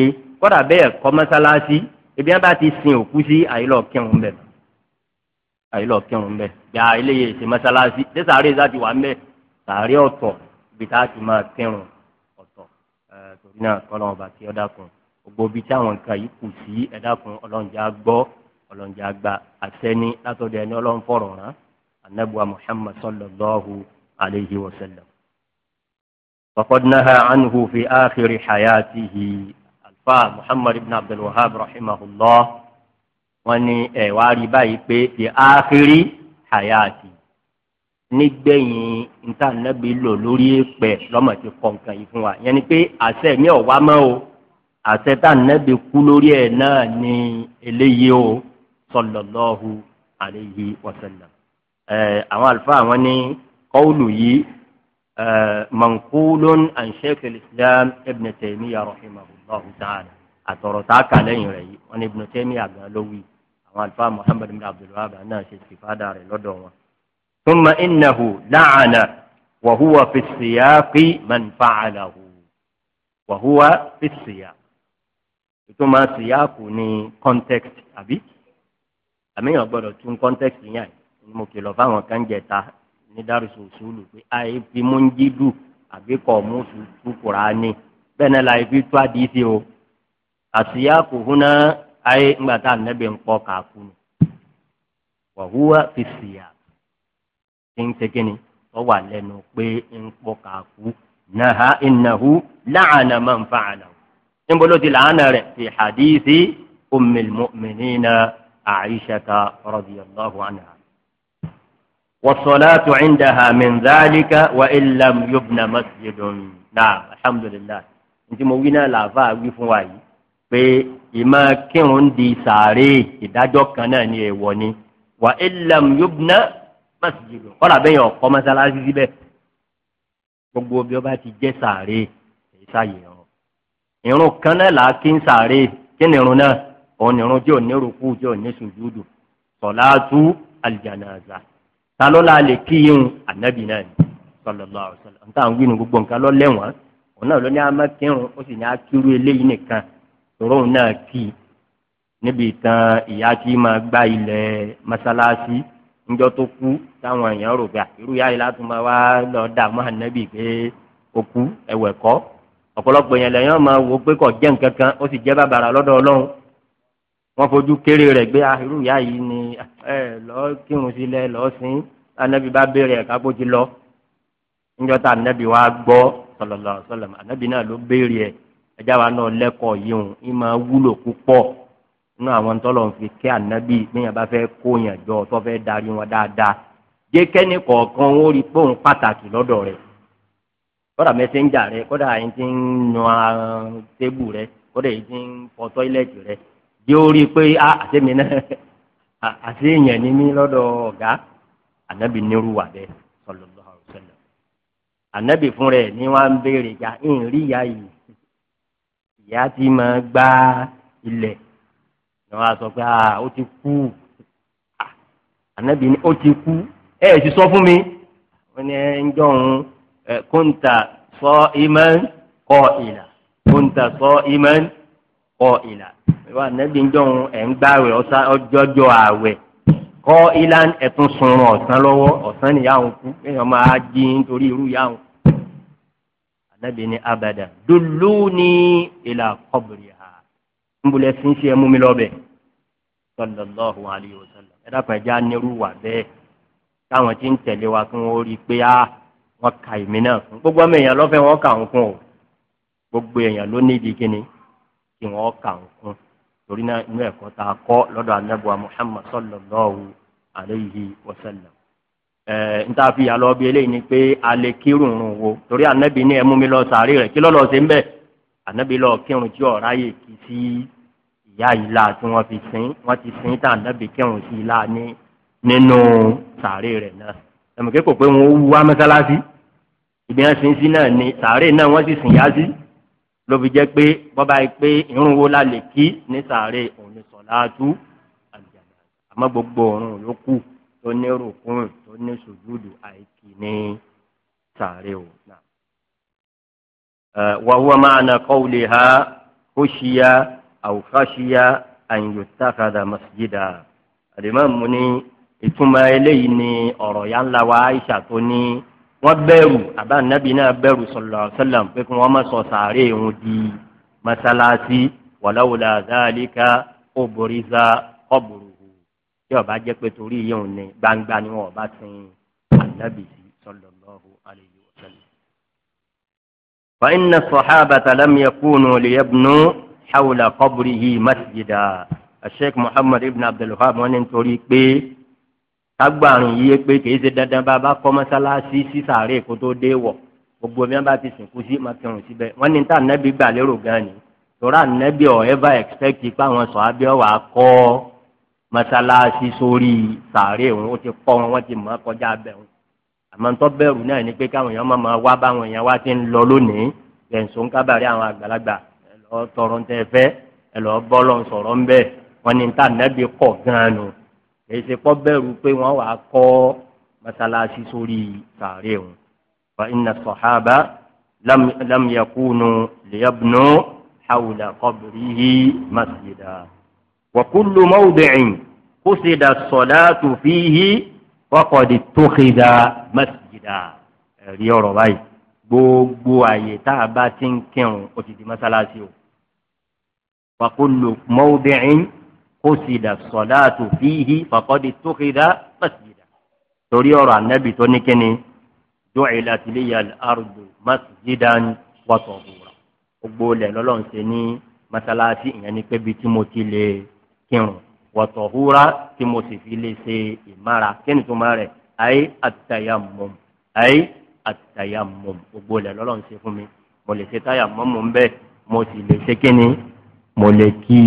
kọ́dà bẹ́ẹ̀ kọ́ mọ́sálásí ibi wọn bá ti sin òkú sí àyílọ̀ kírun bẹ̀ àyílọ̀ kírun bẹ̀ gba eléyè ṣe mọ́sálásí ṣé sàárè sá ti wà ń bẹ̀ sàárè ọ̀tọ̀ ibi tá a ti máa kírun torí náà kọ́lọ́wọ́n bá kí ọ̀dà kan gbogbo ibi tí àwọn nǹkan yìí kù sí ẹ̀dá kan ọlọ́njà gbọ́ ọlọ́njà gba àtẹni látọ̀dọ̀ ẹni ọlọ́run fọ̀rọ̀ rán anabuwa muhammad sallallahu alayhi wa sallam. faqad naha anhu fi akhiri hayatihi alfa muhammad ibn abdul rahimahullah wọ́n ní ẹ̀ wá rí báyìí pé fi akhiri hayati nígbẹ̀yìn níta nàbí lò lórí èèpẹ̀ lọ́mọ ti kọ̀ nǹkan yìí fún wa yẹn ni pé àṣẹ mi ò wá mọ́ o àṣẹ tá nàbí kú lórí ẹ̀ náà ni eléyìí o sallallahu alayhi wa sallam. ẹ àwọn àlùfáà wọn ní kọ́wùlù yìí ẹ manqulun an shaykh al-islam ibn taymiyyah rahimahullahu ta'ala àtọ̀rọ̀ tá a kà lẹ́yìn rẹ̀ yìí wọn ní ibn taymiyyah gan ló àwọn àlùfáà muhammad ibn abdul náà ṣe ìfádà rẹ̀ lọ́dọ̀ wọn. ثم إنه لعن وهو في السياق من فعله وهو في السياق ثم سياق ni context àbí àmì yàn gbọ́dọ̀ tún context yàn ni mo kìlọ̀ fáwọn kan jẹta ní dárúsù sùúlù pé àyè fi mú ń jídù àbí kọ mú sùúrù kùránì bẹ́ẹ̀ náà láyé fi tó àdìsí o àsìyáàkù húná àyè ńgbà tá ànábì ń pọ kàkú ni wàhúwà fi sìyàkù tí ń segin ni tó wà lẹ́nu pé ń pọ̀ kàkú nàá ìnáhu láàánà máa ń fa àná níbo ló ti làánà rẹ̀ fi hadithi ummil mu'minina aishata radiyallahu anha. والصلاة عندها من ذلك وإن لم يبنى مسجد نعم الحمد لله nti mo wí náà làáfà wí fún wa yìí pé ìmọ̀ kírun di sàárè ìdájọ́ kan náà ni èèwọ̀ masjidu kọ́lá bẹ́yìn ọ̀kọ́ mọ́sálásí síbẹ̀ gbogbo bí ọba ti jẹ́ sàárè èyí sáàyè irun irun kan náà là á kí ń sàárè kí ni irun náà òun ni irun tí ò ní rúkú tí ò ní sùjúdù sọ̀láàtú àlìjànàzà ta ló la lè kí irun ànábì náà ni sallallahu alaihi wasallam nta ń wínu gbogbo nǹkan lọ́lẹ́wọ̀n òun náà ló ní amákírun ó sì ní akírú eléyìí nìkan tòró òun náà kí níbi ìtàn ìyá tí máa gbá ilẹ̀ mọ́sálásí níjọ́ tó kú táwọn èèyàn rò gbà irú yáyí látún máa wá lọ dààmú ànábì pé ó kú ẹ̀wẹ̀ kọ́ ọ̀pọ̀lọpọ̀ èèyàn lẹ́yìn máa wò pé kò jẹ́ nǹkan kan ó sì jẹ́ bàbàrà lọ́dọ̀ ọlọ́run wọ́n fojú kéré rẹ̀ gbé irú yáyí ni ẹ lọ kírun sílẹ̀ lọ sin ànábì bá béèrè ẹ̀ka bó ti lọ níjọ́ tá ànábì wá gbọ́ sọlọlọ sọlọmọ ànábì náà ló béèrè ẹ̀ ẹjá wa náà lẹ́kọ̀ọ́ yìí hùn ìmọ̀ wúlò púpọ̀ nínú àwọn tọ́lọ̀ ń fi kí ànábì níyàn bá fẹ́ kó yàn jọ tó fẹ́ darí wọn dáadáa jẹ́ kẹ́ni kọ̀ọ̀kan ó rí pé òun pàtàkì lọ́dọ̀ rẹ̀ kódà mẹsẹ̀njà rẹ̀ kódà èyí tí ń nu tébù rẹ̀ kódà èyí tí ń fọ tọ́ílẹ̀tì rẹ̀ jẹ́ ó rí i pé ah, àtẹ̀mí náà àti èèyàn ní mí lọ́dọ̀ ọ̀gá ànábì nírú wà bẹ́ẹ̀ sallallahu alaihi ànábì fún rẹ̀ ni wọ́n á ń béèrè ya ń yìí ìyá tí máa gbá ilẹ̀ ni wọn á sọ pé ah ó ti kú ànábì ni ó ti kú ẹ ẹ ti sọ fún mi wọn ni ẹ ń jọ òun ẹ kóńtà sọ imán kọ ìlà kóńtà sọ imán kọ ìlà ìwà ànábì ń jọ òun ẹ ń gbààwẹ̀ ọjọjọ ààwẹ̀ kọ ìlà ẹtún sunrun ọ̀sán lọ́wọ́ ọ̀sán nìyá òun kú kéèyàn máa jí nítorí irú ìyá òun ni abada dùlú ní ìlà kọbìrìà. nbulẹ̀ sí ń ṣe ẹmú mi lọ́bẹ̀ sallallahu alayhi wa sallam ẹ dákun ẹja nírú wà bẹ́ẹ̀ táwọn tí ń wa kí ah, wọ́n ka èmi náà gbogbo ọmọ èèyàn lọ́fẹ̀ẹ́ wọ́n kà ń o gbogbo èèyàn ló nídìí kíni kí wọ́n kà ń kún torí náà inú eléyìí ni pé torí ànábì lọ kírun tí ọ̀rá yè kí sí ìyá ìlà tí wọ́n fi sin wọ́n ti sin tá ànábì kírun sí ìlà ní nínú sàárè rẹ̀ náà ẹ̀mọ̀kẹ́ kò pé wọ́n wú wá mọ́sálásí ìbí wọn sin sí náà ni sàárè náà wọ́n sì sìn yá sí ló fi jẹ́ pé bọ́ba yìí pé irun wo la lè kí ní sàárè òun ni sọ̀láàtú àjàgbà àmọ́ gbogbo òun ló kù tó ní rògbòn tó ní sùjúdù àìkí ní sàárè òun náà. وهو معنى قولها خشي أو خشي أن يتخذ مسجدا الإمام مني ìtumọ̀ eléyìí ni ọ̀rọ̀ ya ńlá wa aisha tó ní wọ́n bẹ̀rù àbá nàbí náà bẹ̀rù sallallahu alaihi wasallam pé kí wọ́n má sọ sàárè wọn di mọ́sálásí wàláwùlà záàlíkà obìnrinza ọ̀bùrùhù tí ó bá pé torí yẹn ò ní gbangba ni wọn ò sin ànábì sí. فإن الصحابة لم يكونوا ليبنوا حول قبره مسجدا الشيخ محمد ابن عبد الوهاب wọ́n ní nítorí pé kágbàrún yìí pé kì í ṣe dandan bá bá kọ́ mọ́sálásí sí sàárè kó tó dé wọ̀ gbogbo mi bá ti sìnkú sí máa kírun síbẹ̀ wọ́n ní tá ànábì gbà lérò gan ni tòrá ànábì ọ̀ ẹ́fà expect pé àwọn sọ̀hábí ọ̀ wà á kọ́ mọ́sálásí sórí sàárè òun ó ti kọ́ wọn wọ́n ti mọ̀ kọjá abẹ́ òun àmọ́ tó bẹ̀rù náà ni pé káwọn èèyàn máa wá báwọn èèyàn wá ti ń lọ lónìí ẹ̀sùn kábàárẹ̀ àwọn àgbàlagbà ẹ lọ tọrọ ń tẹ fẹ́ ẹ lọ bọ́ lọ sọ̀rọ̀ ń bẹ̀ wọ́n ní ta nẹ́bí kọ̀ gan-an nù èyí ṣe kọ́ bẹ̀rù pé wọ́n wàá kọ́ mọ́sálásí sórí sàárè wọn. fa inna sọ̀hábà lam yakunu liyabnu hawla qabrihi masjida wa kullu wọ́kọ̀dì tó xìdá mẹ́sìgìdá ẹ̀rí ọ̀rọ̀ báyìí gbogbo àyè tá a bá ti ń kírun ó ti di mọ́sálásí o. wàkúlù mọ́wúdìrín kó sì dà sọ̀dá tó fíhí torí ọ̀rọ̀ anábì tó ní kíni jọ́ìlá tìlíyà àrùdù mẹ́sìgìdá wọ́tọ̀ òwúrọ̀. gbogbo lẹ̀ lọ́lọ́run ṣe ní mọ́sálásí ìyẹn ni pé bí tí mo ti lè kírun wọ̀tọ̀húra tí mo sì fi lè ṣe ìmára kí ni tó máa rẹ̀ ayé àtàyàmọ̀m ayé àtàyàmọ̀m gbogbo ilẹ̀ lọ́lọ́run ṣe fún mi mo lè ṣe táyàmọ̀mù ń bẹ́ẹ̀ mo sì lè ṣe kí ni mo lè kí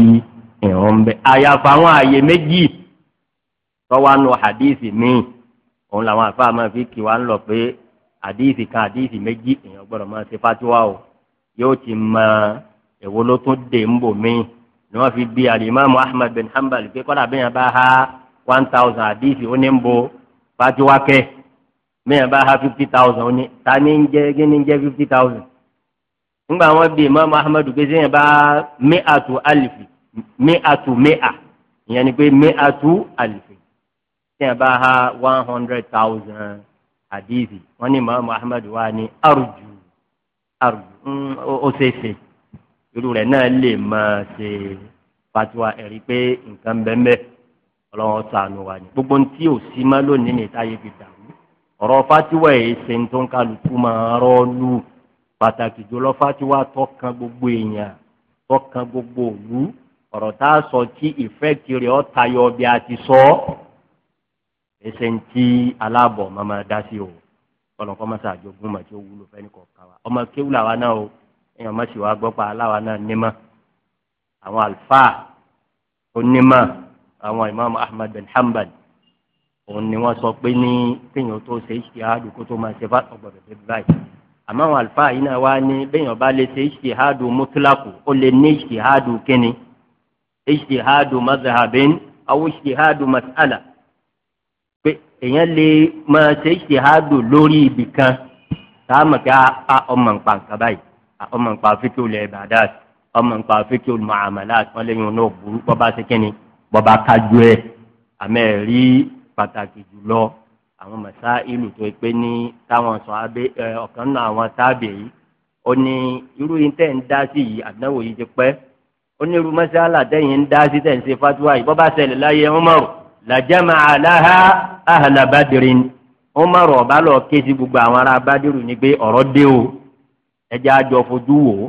ìrun ń bẹ́ẹ̀. àyàfà àwọn àyè méjì tọ́wọ́ nu hadithi míì òun làwọn àfa máa fi kí wa ń lọ pé hadithi kan hadithi méjì èèyàn gbọ́dọ̀ máa ṣe fatiwa o yóò ti mọ èwo ló ń bò míì ni wọ́n fi bi alimami ahmed bin hanbal pé kọ́lá bẹ́ẹ̀ bá ha one thousand àdìsí ó ní ń bo fatiwakẹ́ bẹ́ẹ̀ bá ha fifty thousand ó ní ta ní ń jẹ́ kí ní ń jẹ́ fifty thousand. nígbà wọn bi imam ahmed pé sẹ́yìn bá mi àtú alifi mi àtú mi a ìyẹn ni pé mi àtú alifi sẹ́yìn bá ha one hundred thousand àdìsí wọ́n ní imam ahmed wà ní arju arju hmm, ó ṣeé ṣe irú rẹ̀ náà lè máa ṣe fatiwa ẹ̀rí pé nǹkan bẹ́ẹ̀ ọlọ́run ṣàánú wa ni gbogbo ní tí ò sí má lónìí ní táyé fi dàrú ọ̀rọ̀ fatiwa yìí ṣe ń tó ń kálukú máa rọ́ lù pàtàkì jùlọ fatiwa tọkàn gbogbo èèyàn tọkàn gbogbo òlú ọ̀rọ̀ tá a sọ tí ìfẹ́ kiri ọ́ tayọ bí a ti sọ ẹsẹ̀ ń tí aláàbọ̀ máa máa dá sí o ọlọ́kọ́ máa ṣàjọgún màá tí ó wúlò fẹ́ni kọ̀ọ̀kan wa ọmọ kéwù làwa náà o èèyàn má sì wá gbọ́ pa aláwa náà nímọ̀ àwọn àlùfáà onímọ̀ àwọn imam ahmed bin hanbal òun ni wọ́n sọ pé ní kéèyàn tó ṣe ìṣìhádù kó tó máa ṣe bá ọgbọ̀dọ̀ dé báyìí àmọ́ àwọn àlùfáà yìí náà wá ní béèyàn bá lè ṣe ìṣìhádù mutlaku ó lè ní ìṣìhádù kínní ìṣìhádù mazhabin àwọn ìṣìhádù mas'ala pé èèyàn lè máa ṣe ìṣìhádù lórí ibì kan táàmù ọmọ nǹkan kan ọmọ nǹkan fíkìú lẹ̀ ìbàdàn ọmọ nǹkan fíkìú muamalat wọn lẹ́yìn náà burú bọ́ba sẹ́kẹ́ni bọ́ba kájú ẹ̀ àmẹ́ rí pàtàkì jùlọ àwọn mọ̀sá ìlú tó pé ní táwọn sọ abẹ́ ọ̀kan náà àwọn táàbì yìí ó ní irú yìí tẹ̀ ń dá sí yìí àdánwò yìí ti pẹ́ ó ní irú mọ́sálà tẹ̀yìn ń dá sí tẹ̀ ń ṣe fatuwa yìí bọ́ba sẹlẹ̀ láyé Umaru làjẹ́mà aláha ahàlà badirin Umaru ọ̀bá lọ ké gbogbo àwọn ará badiru ní pé ọ̀rọ̀ dé o ẹjẹ́ àjọ fojú wò ó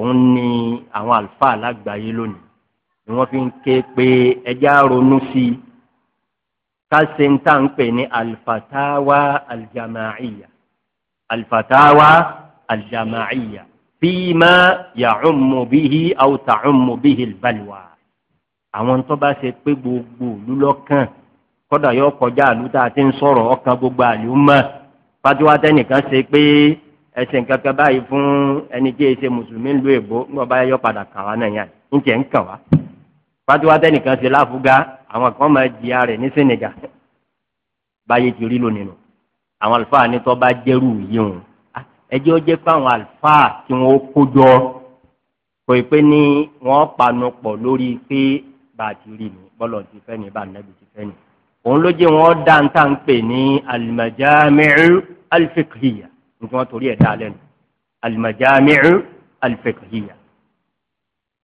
òun ni àwọn àlùfáà lágbàáyé lónìí ni wọ́n fi ń ké pé ẹjẹ́ àronú sí i káṣe ń tà ń pè ní alfatawa aljamaiya alfatawa aljamaiya fíìmà yàcùmù bíhi aw tàcùmù bíhi balùwà àwọn tó bá ṣe pé gbogbo òlú kọ́dà yóò kọjá àlùtà àti ń sọ̀rọ̀ ọkàn gbogbo àlùmọ́ fatiwa ṣe pé ẹsìn kankan báyìí fún ẹni tí èsè mùsùlùmí lu èbó ńgbọ bá yọ padà kàn wá náà yàn ń tiẹ̀ ń kàn wá fatiwa tẹnìkan ṣe láfúgá àwọn kan máa jìyà rẹ̀ ní Senegal báyìí ti rí lónìí nù àwọn àlùfáà ní tọ́ bá jẹ́rù yìí o ah, ẹjọ́ jẹ́ pé àwọn àlùfáà tí wọ́n kó jọ kò pé ní wọ́n panu pọ̀ lórí pé bá ni bọ́lọ̀ ti fẹ́ ni bá nàbì ti fẹ́ ni òun ló jẹ́ wọ́n dá ń pè ní al-majami' al-fiqhiyya nǹkan torí ẹ̀ dáa lẹ́nu alimajamiu alifekhiya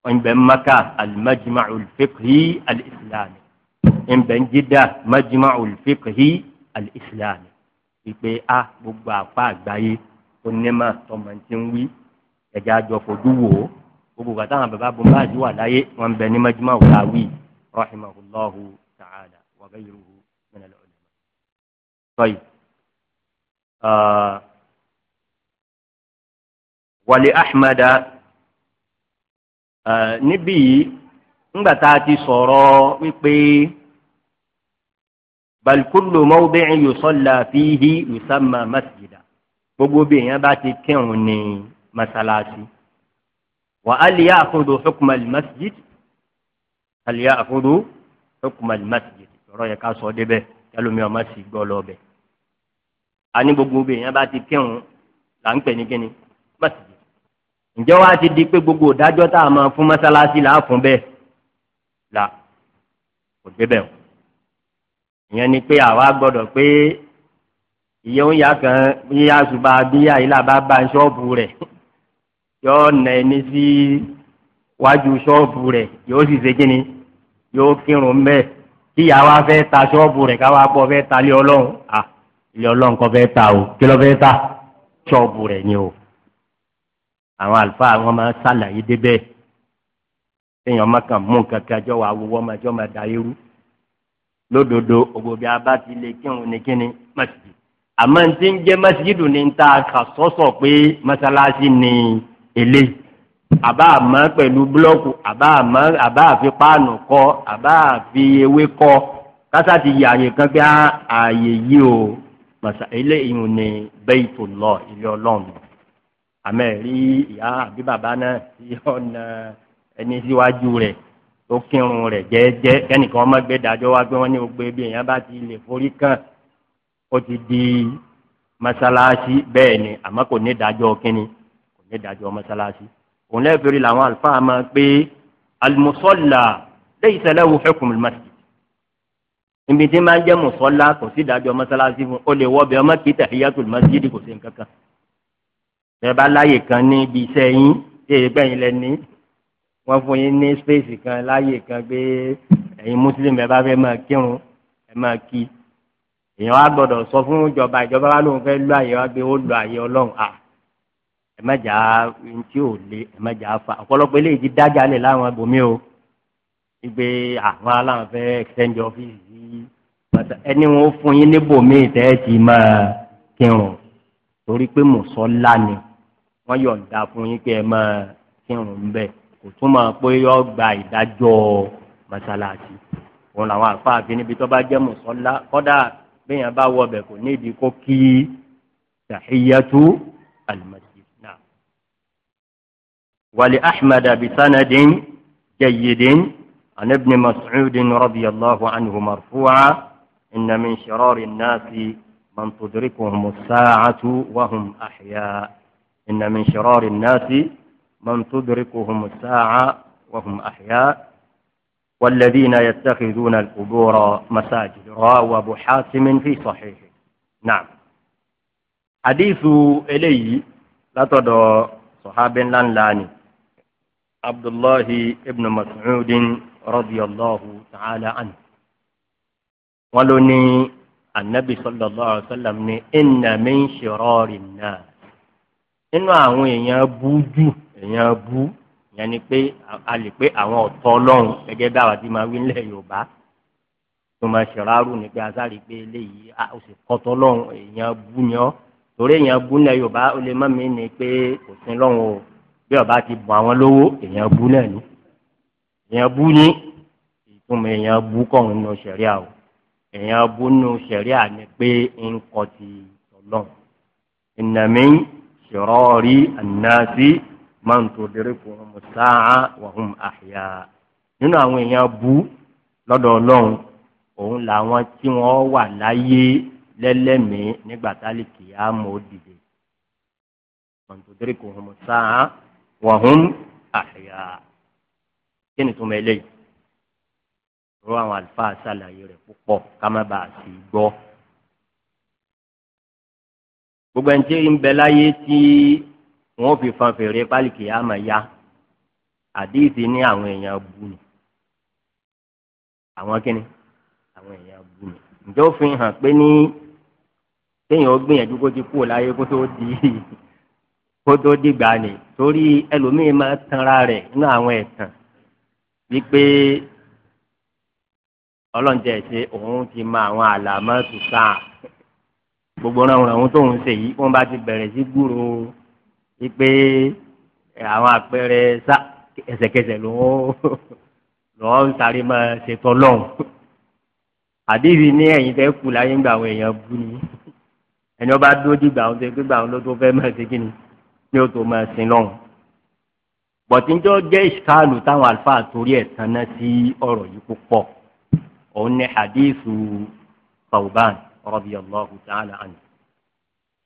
ọ̀nbẹ maka alimajimau alifekhi alisilami ọ̀nbẹ njida majimau alifekhi alisilami ìpè a ah, gbogbo apá àgbáyé onímọ̀ tọmọtì ń wí ẹ̀jẹ̀ àjọ fojú wò ó gbogbo ìgbà táwọn bàbá bombaazi wà láyé wọn bẹ ní majimau láwí rahimahullahu ta'ala wa ghayruhu min wàlẹ̀ ahmada níbí yìí ńgbà tá a ti sọ̀rọ̀ wípé balikulu mọ́wúbẹ́ẹ́ yòsọ́lá fíhí yòsàmà masjida gbogbo bí èèyàn bá ti kírun ní masalasi wà á lè yá àkúndò hukuma masjid á lè yá àkúndò hukuma masjid ọ̀rọ̀ yẹn ká sọ débẹ̀ yálòmí ọmọ sì gbọ́ lọ bẹ̀. a gbogbo bí èèyàn bá ti kírun là ń pè ní kíni masjid ǹjẹ́ wàá ti di pé gbogbo ìdájọ́ tá a máa fún mọ́sálásí là á fún bẹ́ẹ̀ là kò débẹ̀ o ìyẹn ni pé àwa gbọ́dọ̀ pé ìyẹ́ oúnjẹ kan yíyá ṣùgbọ́n abíyá yìí là bá bá ṣọ́ọ̀bù rẹ̀ yóò nà ẹni sí wájú ṣọ́ọ̀bù rẹ̀ yóò sì ṣe kíni yóò kírun bẹ́ẹ̀ kí ìyàwó fẹ́ ta ṣọ́ọ̀bù rẹ̀ káwá pọ̀ fẹ́ ta ilé ọlọ́run à ilé ọlọ́run kọ́ fẹ́ ta o kí ló fẹ́ ta ṣọ́ọ̀bù rẹ̀ ni o àwọn àlùfáà wọn máa ṣàlàyé débẹ̀ téèyàn má kàn mú nǹkan kan jọ wà wọ́wọ́ máa jọ máa da irú lódodo ògbòbí abá ti lè kírun ní kíni mọ́sídìí àmọ́ ní ti ń jẹ́ mọ́sídìí dùn ní ta kà sọ́sọ̀ pé mọ́sálásí ni eléyìí àbá àmọ́ pẹ̀lú búlọ́ọ̀kù àbá àmọ́ àbá àfi páànù kọ́ àbá àfi ewé kọ́ kásá ti yẹ àyè kan pé ààyè ah, yìí o eléyìí ni baytullah ilé ọlọ́run àmẹ́rí ìyá àbí bàbá náà tí ọ̀nà ẹni síwájú rẹ̀ tó kírun rẹ̀ jẹ́ẹ́jẹ́ kẹ́nìkan ọmọ gbé dájọ́ wá pé wọ́n ní gbogbo ebi èèyàn bá ti lè forí kàn ó ti di mọ́sálásí bẹ́ẹ̀ ni àmọ́ kò ní dájọ́ kínní kò ní dájọ́ mọ́sálásí òun lẹ́ẹ̀fẹ̀rí làwọn àlùfáà máa pé alimusọ́là lẹ́yìn sẹ́lẹ̀ wo fẹ́ kùn mọ́sí ibi tí máa ń jẹ́ musọ́là kò sí dájọ́ mọ́sálásí fún ó lè wọ́ bẹ́ẹ̀ ọmọ kìí tàhíyàtò ẹ bá láyè kan ní ibi iṣẹ́ yín tí èyí lẹ ní wọ́n fún yín ní space kan láyè kan pé ẹ̀yin muslim ẹ bá fẹ́ máa kírun ẹ máa kí èèyàn wá gbọ́dọ̀ sọ fún ìjọba ìjọba wa lóun fẹ́ lo àyè wa pé ó lo àyè ọlọ́run à ẹ má jà á tí ò lé ẹ má jà á fa ọ̀pọ̀lọpọ̀ eléyìí ti dájà lẹ̀ láwọn ibòmí o ìgbé àwọn aláwọn fẹ́ exchange office yìí ẹni wọn fún yín níbòmí tẹ́ ẹ máa kírun torí pé mùsọ́lá ni wọ́n yọ̀ǹda fún yín pé ẹ máa kírun bẹ́ẹ̀ kò túmọ̀ pé yọ gba ìdájọ́ mọ́sálásí òun làwọn àfáàfin níbi tó bá jẹ́ mùsọ́lá kọ́dà bẹ́yàn bá wọ ọbẹ̀ kò níbi kó kí tàhíyàtú al náà. wàlẹ̀ ahmed abisanadin jayyidin عن ابن مسعود رضي الله عنه مرفوعا إن من شرار الناس من تدركهم الساعة وهم أحياء إن من شرار الناس من تدركهم الساعة وهم أحياء والذين يتخذون القبور مساجد رواه أبو حاتم في صحيحه نعم حديث إلي لا تدع صحاب لانلاني عبد الله بن مسعود رضي الله تعالى عنه ولني النبي صلى الله عليه وسلم إن من شرار الناس nínú àwọn èèyàn bú jù èèyàn bú yẹn ni pé a lè pé àwọn ọ̀tọ̀ ọlọ́run gẹ́gẹ́ bí àwọn ti máa wí nílẹ̀ yorùbá tó máa ṣèrárù ni pé asáré pé eléyìí a ò sì kọ́tọ́ ọlọ́run èèyàn bú ni ọ́ torí èèyàn bú nílẹ̀ yorùbá ó lè mọ́ mi ni pé kò sí lọ́run o bí ọba ti bọ̀ àwọn lówó èèyàn bú náà ni èèyàn bú ní ìtumọ̀ èèyàn bú kọ̀ọ̀hún nínú ṣẹ̀ríà o èèyàn bú nínú ṣẹ̀ríà ni pé ń kọ́ ti ọlọ́run ìnàmí ṣirọ́ọ̀rí ànáàsì máa ń tó dérè fún ọmọ sáà wàhùn àhíyá nínú àwọn èèyàn bú lọ́dọ̀ ọlọ́run òun làwọn tí wọ́n wà láyé lẹ́lẹ́mìí nígbà tálíkì àmọ́ òdìdè máa ń tó dérè fún ọmọ sáà wàhùn àhíyá kí ni tó mọ eléyìí rọ àwọn àlùfáà ṣàlàyé rẹ̀ púpọ̀ ká má bàa gbogbo ẹni tí ń bẹ láyé tí wọn fi fan fèrè pálíkì ya àdéhìsí ní àwọn èèyàn bùnú àwọn kíni àwọn èèyàn bùnú ǹjẹ́ ó fi hàn pé ní kéèyàn ó gbìyànjú kó ti kú láyé kó tó di kó tó dìgbà ni torí ẹlòmíín gbogbo ránwọ̀n àwọn tó ń ṣe yìí wọ́n bá ti bẹ̀rẹ̀ sí gbúrò wípé àwọn àpẹẹrẹ ẹsẹ̀kẹsẹ̀ lọ́ọ́ ń sáré máa ṣètò ọlọ́run àdéhìí ní ẹ̀yìn fẹ́ kú láyé ń gba àwọn èèyàn bú ni ẹni ọba dúró dìgbà àwọn tó gbégbà àwọn lọ́tọ́ fẹ́ máa ṣe kí ni ní o tó máa sin lọ́hùn. bọ̀tíńjọ́ jẹ́ ìṣkáàlù táwọn àlùfáà torí ẹ̀ tanná sí ọ̀rọ̀ yìí púpọ̀ òun ní radiyallahu ta'ala anhu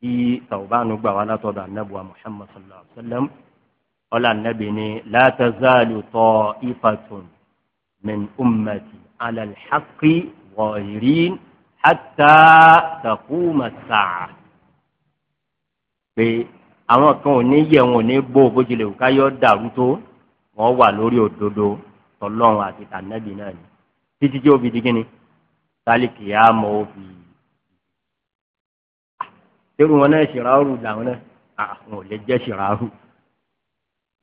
kí tàwùbánu gbà wá látọ̀dọ̀ anábùwà muhammad sallallahu alayhi wa sallam ọlá anábì ni la tazalu ta'ifatun min ummati ala al-haqqi zahirin hatta taquma as-sa'a pé àwọn kan ò ní yẹ̀ wọn ò ní bó bójúlẹ̀ òkà yọ dàrú tó wọ́n wà lórí òdodo tọlọ́run àti tànàbì náà ni títí tí ó fi di kíni tálíkì yá mọ́ ó yìí tẹ́rù wọn náà ṣìràrù làwọn náà àwọn ò lè jẹ́ ṣìràrù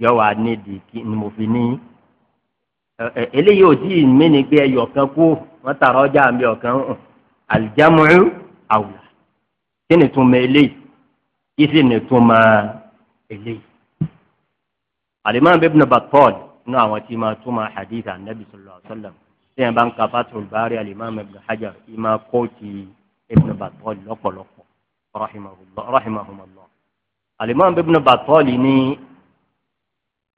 yọ wà nídìí kí ni mo fi ní eléyìí ò tí ì mí ni pé ẹyọ kan kú wọn tààrà ọjà àmì ọ̀kan hàn àlìjámùú àwùlà kí ni tún mọ eléyìí kí sì ni tún mọ eléyìí. alimami ibn Battal inú àwọn tí máa túmọ̀ hadith anabi sallallahu alaihi tí yẹn bá ń ka fatul bari alimami ibn Hajar ìmá kóòtù ibn Battal رحمهم الله الإمام ابن بطاليني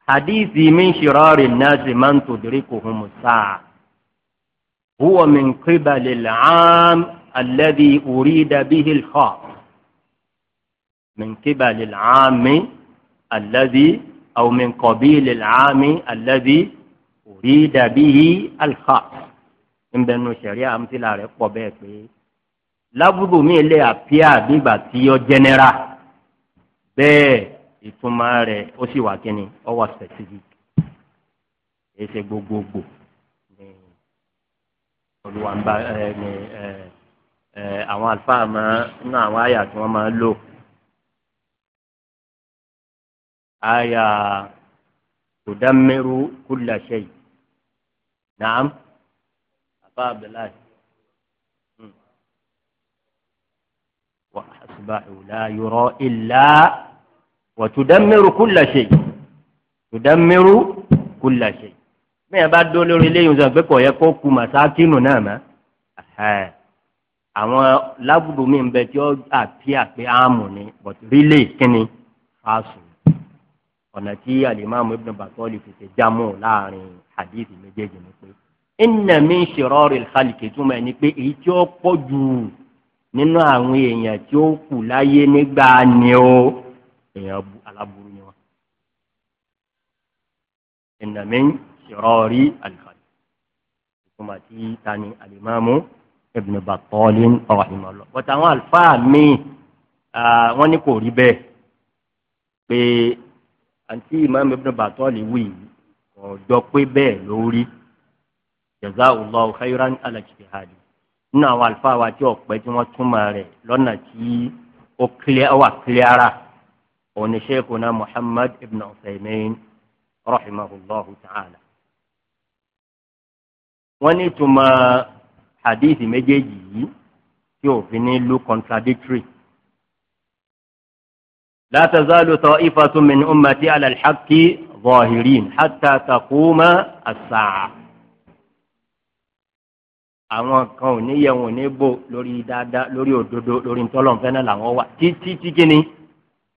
حديث من شرار الناس من تدركهم الساعة هو من قبل العام الذي أريد به الخاص من قبل العام الذي أو من قبيل العام الذي أريد به الخاص إن بنو شريعة أمثلة على قبيل lábúdò mi lè àpíà nígbà tí ó jẹnẹra bẹ́ẹ̀ ìtumọ̀ rẹ̀ ó sì wà kíni ó wà specific kì í ṣe gbogbogbò ní olùwàǹbá ẹ ní ẹ ẹ àwọn àlùfáà máa nínú àwọn àyà tí wọ́n máa ń lò àyà tudammiru kulla shay naam àbá abdullahi. وأصبحوا لا يرى إلا وتدمر كل شيء تدمر كل شيء bẹ́ẹ̀ bá dó lórí eléyìí sọ pé kò yẹ kó ku màsákínù náà mọ́ àwọn lábùdó mi ń bẹ tí ó àti àpé áàmù ni but rílé kínní fásùn ọ̀nà tí alimami ibn batoli fi ṣe jámù láàrin hadith méjèèjì ni pé inna min shirari al-khalqi túmọ̀ ẹni pé èyí tí ó pọ̀ jù nínú àwọn èèyàn tí ó kù láyé nígbà ni ó èèyàn aláburú ni wọn. ìnàmí ṣèrọ̀rí àlùfáàlì ìtumọ̀ tí tani alimami ibn Battali rahimahullah bọ́tà àwọn àlùfáà míì wọ́n ní kò rí bẹ́ẹ̀ pé àǹtí imam ibn Battali wí kò jọ pé bẹ́ẹ̀ lórí jazakallahu khairan ala ijtihadi nínú àwọn àlùfáà wa tí ọ̀pẹ́ tí wọ́n túmọ̀ rẹ̀ lọ́nà tí ó kílẹ̀ ọ̀wà kílíara òun ni sheikhuna muhammad ibn usaymin rahimahullahu ta'ala. wọ́n ní ìtumọ̀ hadith méjèèjì yìí tí òfin ní lu contradictory. لا تزال طائفة من أمتي على الحق ظاهرين حتى تقوم الساعة àwọn kan ò ní yẹ wọn ò ní bò lórí dáadáa lórí òdodo lórí ntọ́lọ́nfẹ́ náà làwọn wà títí tí kíni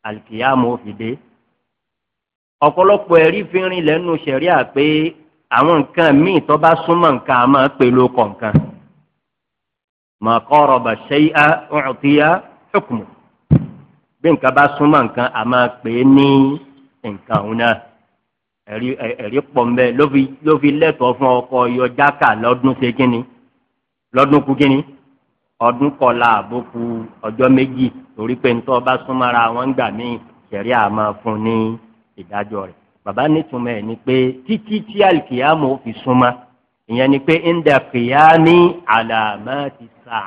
alikiyamu òfìdé ọ̀pọ̀lọpọ̀ ẹ̀rí fi rin lẹ́nu sẹ̀ríà pé àwọn nǹkan míì tó bá súnmọ́ nǹkan a máa pè ló kọ̀ọ̀kan ma qaraba shay'a u'tiya hukmu bí nǹkan bá súnmọ́ nǹkan a máa pè ní nǹkan òun náà ẹ̀rí pọ̀ mbẹ́ ló fi lẹ́tọ̀ọ́ fún ọkọ̀ yọjáka lọ́dún kú kínní ọdún kọlá àbókù ọjọ́ méjì torí pé ntọ́ bá súnmọ́ra wọn gbà mí ṣẹ̀rí àmọ́ fún ní ìdájọ́ rẹ̀ bàbá nítumọ̀ ẹ̀ ni pé títí tí àlìkìyàmù fi súnmọ́ ìyẹn ni pé ndà kìyàmì àlàmà ti sà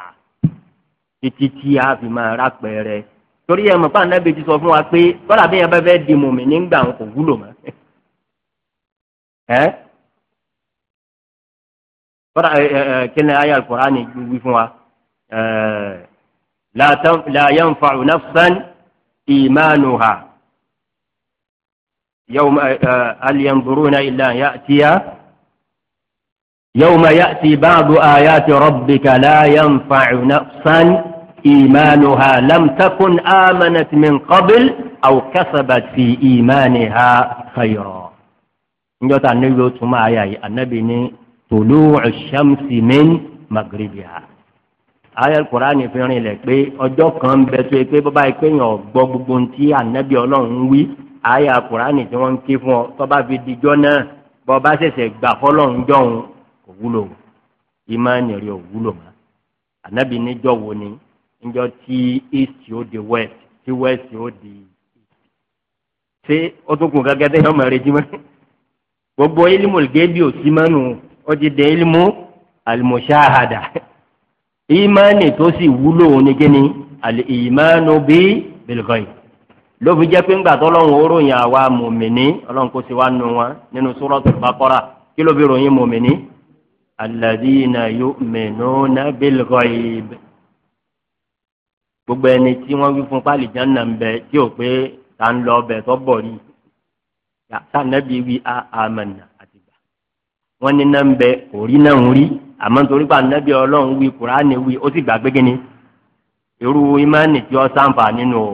títí tí a fi máa rà pẹ́ẹ́rẹ́ torí ẹ̀ mọ̀ fáwọn anábìyí ti sọ fún wa pé kọ́lá bí yẹn bá fẹ́ di mùmí nígbà wọn kò wúlò mọ́ فرع آه، آه، كنا آية القرآن يقولوا آه، لا لا ينفع نفسا إيمانها يوم هل ينظرون إلا يأتي يوم يأتي بعض آيات ربك لا ينفع نفسا إيمانها لم تكن آمنت من قبل أو كسبت في إيمانها خيرا. نجوت النبي ثم آية النبي tòlú ṣàmùsì min magrebiha ayé kuraani fi rìn lẹ pé ọjọ́ kan bẹ tó yẹ pé bọba yẹ pé yàn gbọ́ gbogbo ntí anabi Ọlọ́run wí ayé kuraani tí wọn ń ké fún ọ tọba fi dijọ náà bọba ṣẹ̀ṣẹ̀ gbà fọ́lọ́run jọhún kò wúlò ìmánì rẹ ò wúlò mọ́ anabi níjọ wo ni níjọ tí east ó di west tí west ó di ṣé ó tún kún gẹ́gẹ́ tẹ yọmọ rẹ jí gbogbo ilimul gẹbi ò sí ó ti dé ilmu almushahada ìmánì tó sì wúlò ní kíni alìmánu bí bilghaib ló fi jẹ́ pé ńgbà tó lọ́run ó ròyìn àwa mùmìnì ọlọ́run kó sì wá nu wọn nínú suratul baqara kí ló fi ròyìn mùmìnì alladhina yu'minuna bilghaib gbogbo ẹni tí wọ́n wí fún pálí jẹ́nà bẹ tí ò pé ta ń lọ ọbẹ̀ tó bọ̀ rí sànẹ́bí wí àmàna wọ́n ní náà ń bẹ òrí náà ń rí àmọ́ nítorí pé ànábì ọlọ́run wí kùránì wí ó sì gbàgbé kínní irú imáàni tí ó sàǹfà nínú o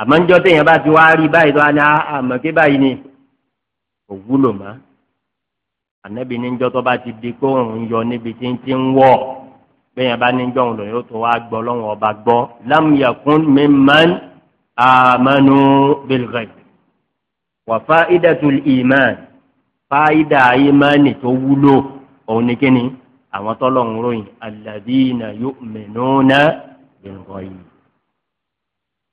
àmọ́ níjọ́ téèyàn bá ti wá rí báyìí tó wá ní ah, ah, àmọ̀ké báyìí ni kò wúlò mọ́ ànábì níjọ́ tó bá ti di pé òun yọ níbi tí ń ti ń wọ̀ bẹ́ẹ̀yàn bá níjọ́ òun lòun yóò tó wá gbọ́ lọ́wọ́n ọba gbọ́ lam yakun mimman amanu bil ghaib wa fa'idatul fáyidà ìmánì tó wúlò òun ni kíni àwọn tọ́lọ́run ròyìn alladhina yu'minuna bil ghaib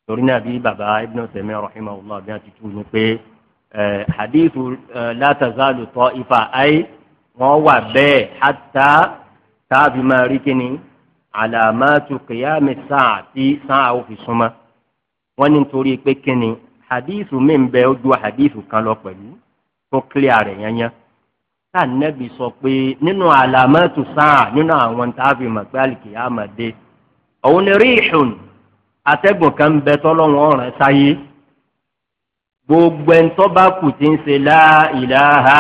torí náà bí baba ibn sẹmi rahimahullah bí wọn ti tú ni pé hadithu la tazalu ta'ifa ayé wọn wà bẹ́ẹ̀ hatta táàbí máa rí kíni àlàmátù kìyàmì sáà tí sáà ó fi súnmọ́ wọn ní nítorí pé kíni hadithu mi bẹ ó hadithu kan lọ pẹ̀lú tó clear rẹ̀ yányán tá nẹ́bi sọ pé nínú àlàmọ́tò sáà nínú àwọn tá a fi mọ̀ pé àlìkìyámà dé òun ni ríìṣùn atẹ́gùn kan bẹ tọ́lọ́wọ́n ọ̀ràn sáyé gbogbo ẹ̀ńtọ́ kù ti ń ṣe la ilaha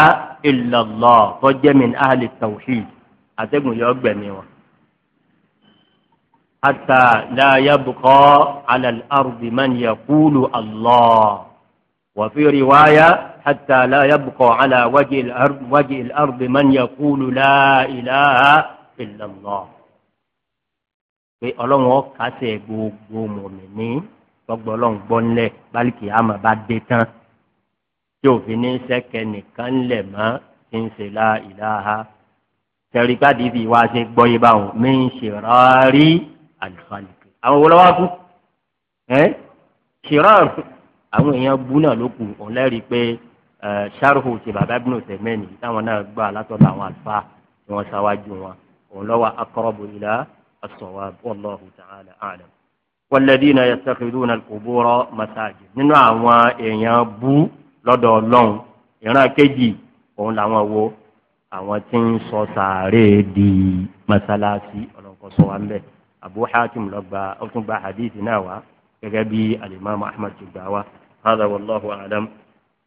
illallah tó jẹ́ min ahli tawhid atẹ́gùn yọ gbẹ̀mí wọn. hatta la yabqa ala al-ardi man yaqulu Allah wa fi riwaya. حتى لا يبقى على وجه الأرض, وجه الأرض من يقول لا إله إلا الله pé ọlọ́run ọ̀kasẹ̀ gbogbo mọ̀mìnì gbogbo ọlọ́run gbọ́nlẹ̀ bálíkì àmọ́ bá dé tán tí òfin ní sẹ́kẹ̀ nìkan lẹ̀ mọ́ tí ń ṣe la ìlàhà tẹ̀ríkàdì fi wá ṣe gbọ́yé báwọn mí ń ṣe rárí àlùfáàlùkì. àwọn wo kú ẹ́ ṣe ráàrù àwọn èèyàn bú náà ló ọ̀lẹ́rìí pé sharhu ti baba ibn tẹmẹni táwọn náà gbà látọ̀dọ̀ àwọn àlùfáà ni wọ́n ṣáwájú wọn òun lọ́wọ́ aqrabu ila as-sawab wallahu ta'ala a'lam. walladhina yattakhiduna al-qubura masajid nínú àwọn èèyàn bú lọ́dọ̀ ọlọ́run ìran kejì òun làwọn wo àwọn tí ń sọ sàárè di masalasi ọlọ́nkọ́ sọ wa lọ́gba ó hadith náà wá gẹ́gẹ́ bí alimami ahmad ti gbà wá hada wallahu a'lam.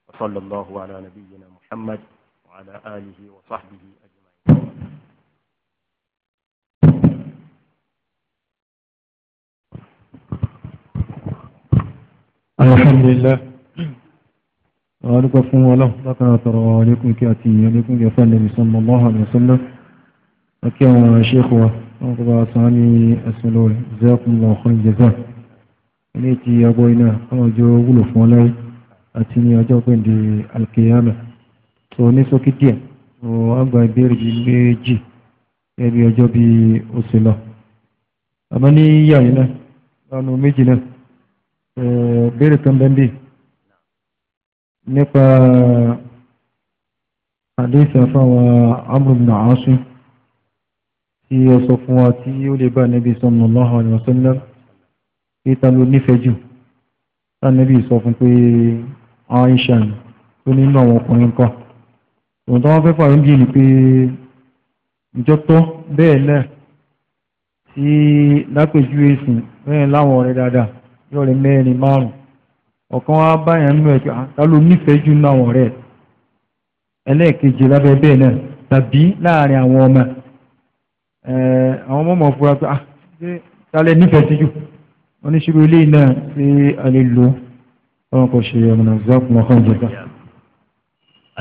وصلى الله على نبينا محمد وعلى آله وصحبه أجمعين الحمد لله ذلك فهو له ذكى ترى عليكم كأتي عليكم يا فالنبي صلى الله عليه وسلم أكيا شيخ وأقبع سامي أسلوه جزاكم الله خير جزاك أنيتي يا بوينا أرجو أقول فوالي àti ní ọjọ́ gbẹ̀ndé alkiyama tó ní sókí díẹ̀ tó àgbà ìbéèrè bíi méjì ẹbí ọjọ́ bíi oṣù lọ àmọ́ ní yàyí náà lánàá méjì náà béèrè kan bẹ́ẹ̀ bíi nípa àdéhùn fáwọn amúlùmí àásùn tí ó sọ fún wa tí ó lè bá Nabi sallallahu alaihi wasallam pé ta ló nífẹ̀ẹ́ jù tá Nabi sọ fún pé àwọn iṣẹ́ yìí tó nínú àwọn ọkùnrin kan òun tó wọ́n fẹ́ fàwọn bíi ni pé ìjọ tó bẹ́ẹ̀ náà tí lápèjúwe sìn bẹ́ẹ̀ láwọn ọ̀rẹ́ dáadáa yóò rẹ mẹ́rin márùn ọ̀kan wá báyàn nínú ẹ̀ka ah, ta ló nífẹ̀ẹ́ jù nínú àwọn ọ̀rẹ́ ẹlẹ́ẹ̀kejì lábẹ́ bẹ́ẹ̀ náà tàbí láàrin àwọn ọmọ àwọn ọmọ ọmọ fúra pé ah ṣé ta lẹ nífẹ̀ẹ́ sí jù wọ́n ní ṣubú ilé náà ṣe àlè lò ó ọkọ̀ ṣe ọmọ ìzákun ọkọ̀ ìjẹta.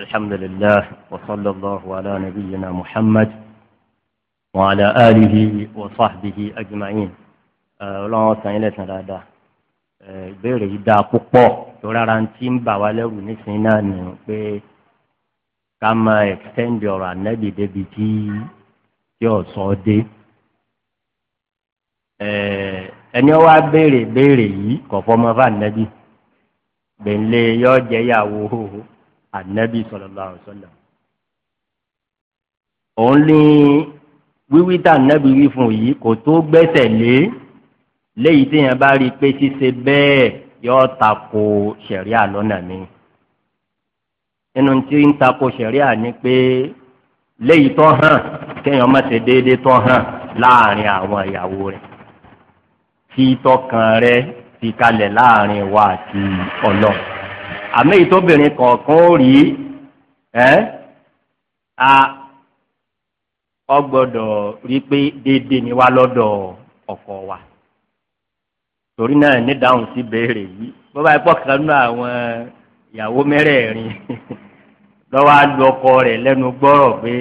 alhamdulillah wa sallallahu ala nabiyyina muhammad wa ala alihi wa sahbihi ajma'in eh, ọlọ́run ọ̀sán ilẹ̀ sàn dáadáa eh, ìbéèrè yìí dáa púpọ̀ tó rárá ń tí ń bà wá lẹ́rù nísìnyí náà nì pé ká máa extend ọ̀rọ̀ ànábì débi tí tí ọ̀sán dé eh, ẹni ọwọ́ á béèrè yìí kọ̀ fọmọ fún ànábì gbẹ̀ǹlẹ̀ yọ jẹ́yàwó ànábì sallallahu alaihi wasallam. òun ní wíwí tá ànábì wí fún yìí kò tó gbẹ́sẹ̀ lé léyìí téèyàn bá rí i pé ṣíṣe bẹ́ẹ̀ yọ tako ṣẹ̀ríà lọ́nà mi. nínú tí ń tako ṣẹ̀ríà ni pé léyìí tó hàn kéèyàn má ṣe déédéé tó hàn láàrin àwọn ìyàwó rẹ̀ tí tọkàn rẹ̀ fi kalẹ̀ láàrin wa àti ọlọ àmì ìtòbìnrin kọ̀ọ̀kan ó rí ẹ́ a ọgbọ́dọ̀ rí pé déédéé ni wá lọ́dọ̀ ọkọ wa torí náà nídáhùn sí béèrè yìí bó bá pọ̀ kan nínú àwọn ìyàwó mẹ́rẹ̀ẹ̀rin lọ́wọ́ á lu ọkọ rẹ̀ lẹ́nu gbọ́rọ̀ pé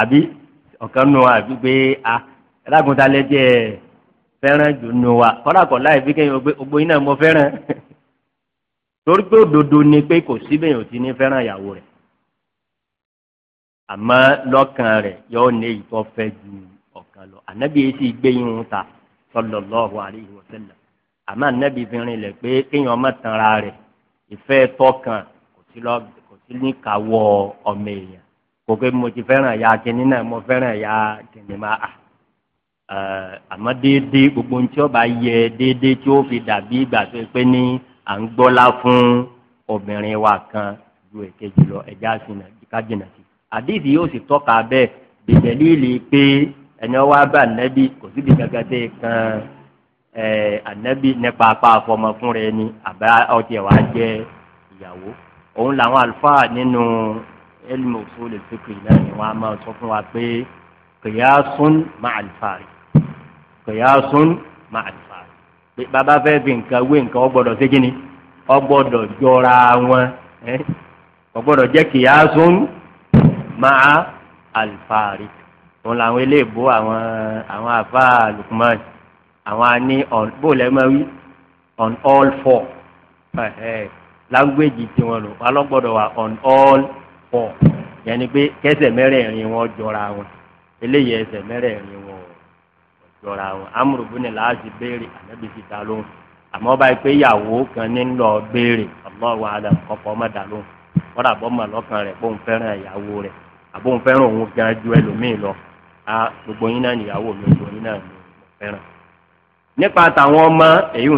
àbí ọ̀kan nù àbí pé a ẹ̀dá kan ta lẹ́jẹ̀ fẹ́ràn jù nù wa kọ́dà kọ́ láì fi kéèyàn gbogbo yín náà mo fẹ́ràn torí pé òdodo ni pé kò síbẹ̀ yóò ti ní fẹ́ràn ìyàwó rẹ̀ àmọ́ lọ́kàn rẹ̀ yóò ní èyí tó fẹ́ ju ọ̀kan lọ ànábì yìí sì gbé yín ta sallallahu alaihi wa sallam àmọ́ ànábì fi rinlẹ̀ pé kéèyàn ọmọ tanra rẹ̀ ìfẹ́ tọkàn kò sí ní kàwọ́ ọmọ èèyàn kò pé mo ti fẹ́ràn ya kìnínní mo fẹ́ràn ya kìnínní Eh, àmọ́ déédéé gbogbo ní tí ó bá yẹ déédéé tí ó fi dàbí ìgbà tó pé ní à ń gbọ́lá fún obìnrin wa kan ju èkejì lọ ẹja kájìnà sí àdéhìí yóò sì tọ́ka bẹ́ẹ̀ bìtẹ̀líìlì pé ẹni wá bá ànábì kò síbi gàgà tẹ́ kan eh, ànábì nípa apá àfọmọ fúnra ẹni àbá ọtí ẹ̀ wá ìyàwó òun làwọn àlùfáà nínú elmo sólè fíkì náà ni wọ́n á máa sọ fún wa pé kìyàsún مع àlùfáàrí kìyàsún مع àlùfáàrí pé bàbá كوين fi nǹkan wé nǹkan ọgbọ́dọ̀ ṣe kí مع ọgbọ́dọ̀ jọra wọn ọgbọ́dọ̀ jẹ́ kìyàsún máa àlùfáàrí òun làwọn eléèbó àwọn àwọn àfa Lukman àwọn àní bóòlẹ́ máa wí on all four language tiwọn lò wọn lọ gbọ́dọ̀ wà on all four yẹn ni pé kẹsẹ̀ mẹ́rẹ̀ẹ̀rin wọn jọra wọn. eléyìí ẹsẹ̀ mẹ́rẹ̀ẹ̀rin wọn jọra wọn amúrùbúni làásì béèrè ànábì fi dá lóhùn àmọ́ ọba pé ìyàwó kan ní lọ béèrè ọmọ dá lóhùn ìyàwó òun gan ju lọ a gbogbo yín náà níyàwó mi gbogbo yín náà mo nípa tàwọn ọmọ èyí ń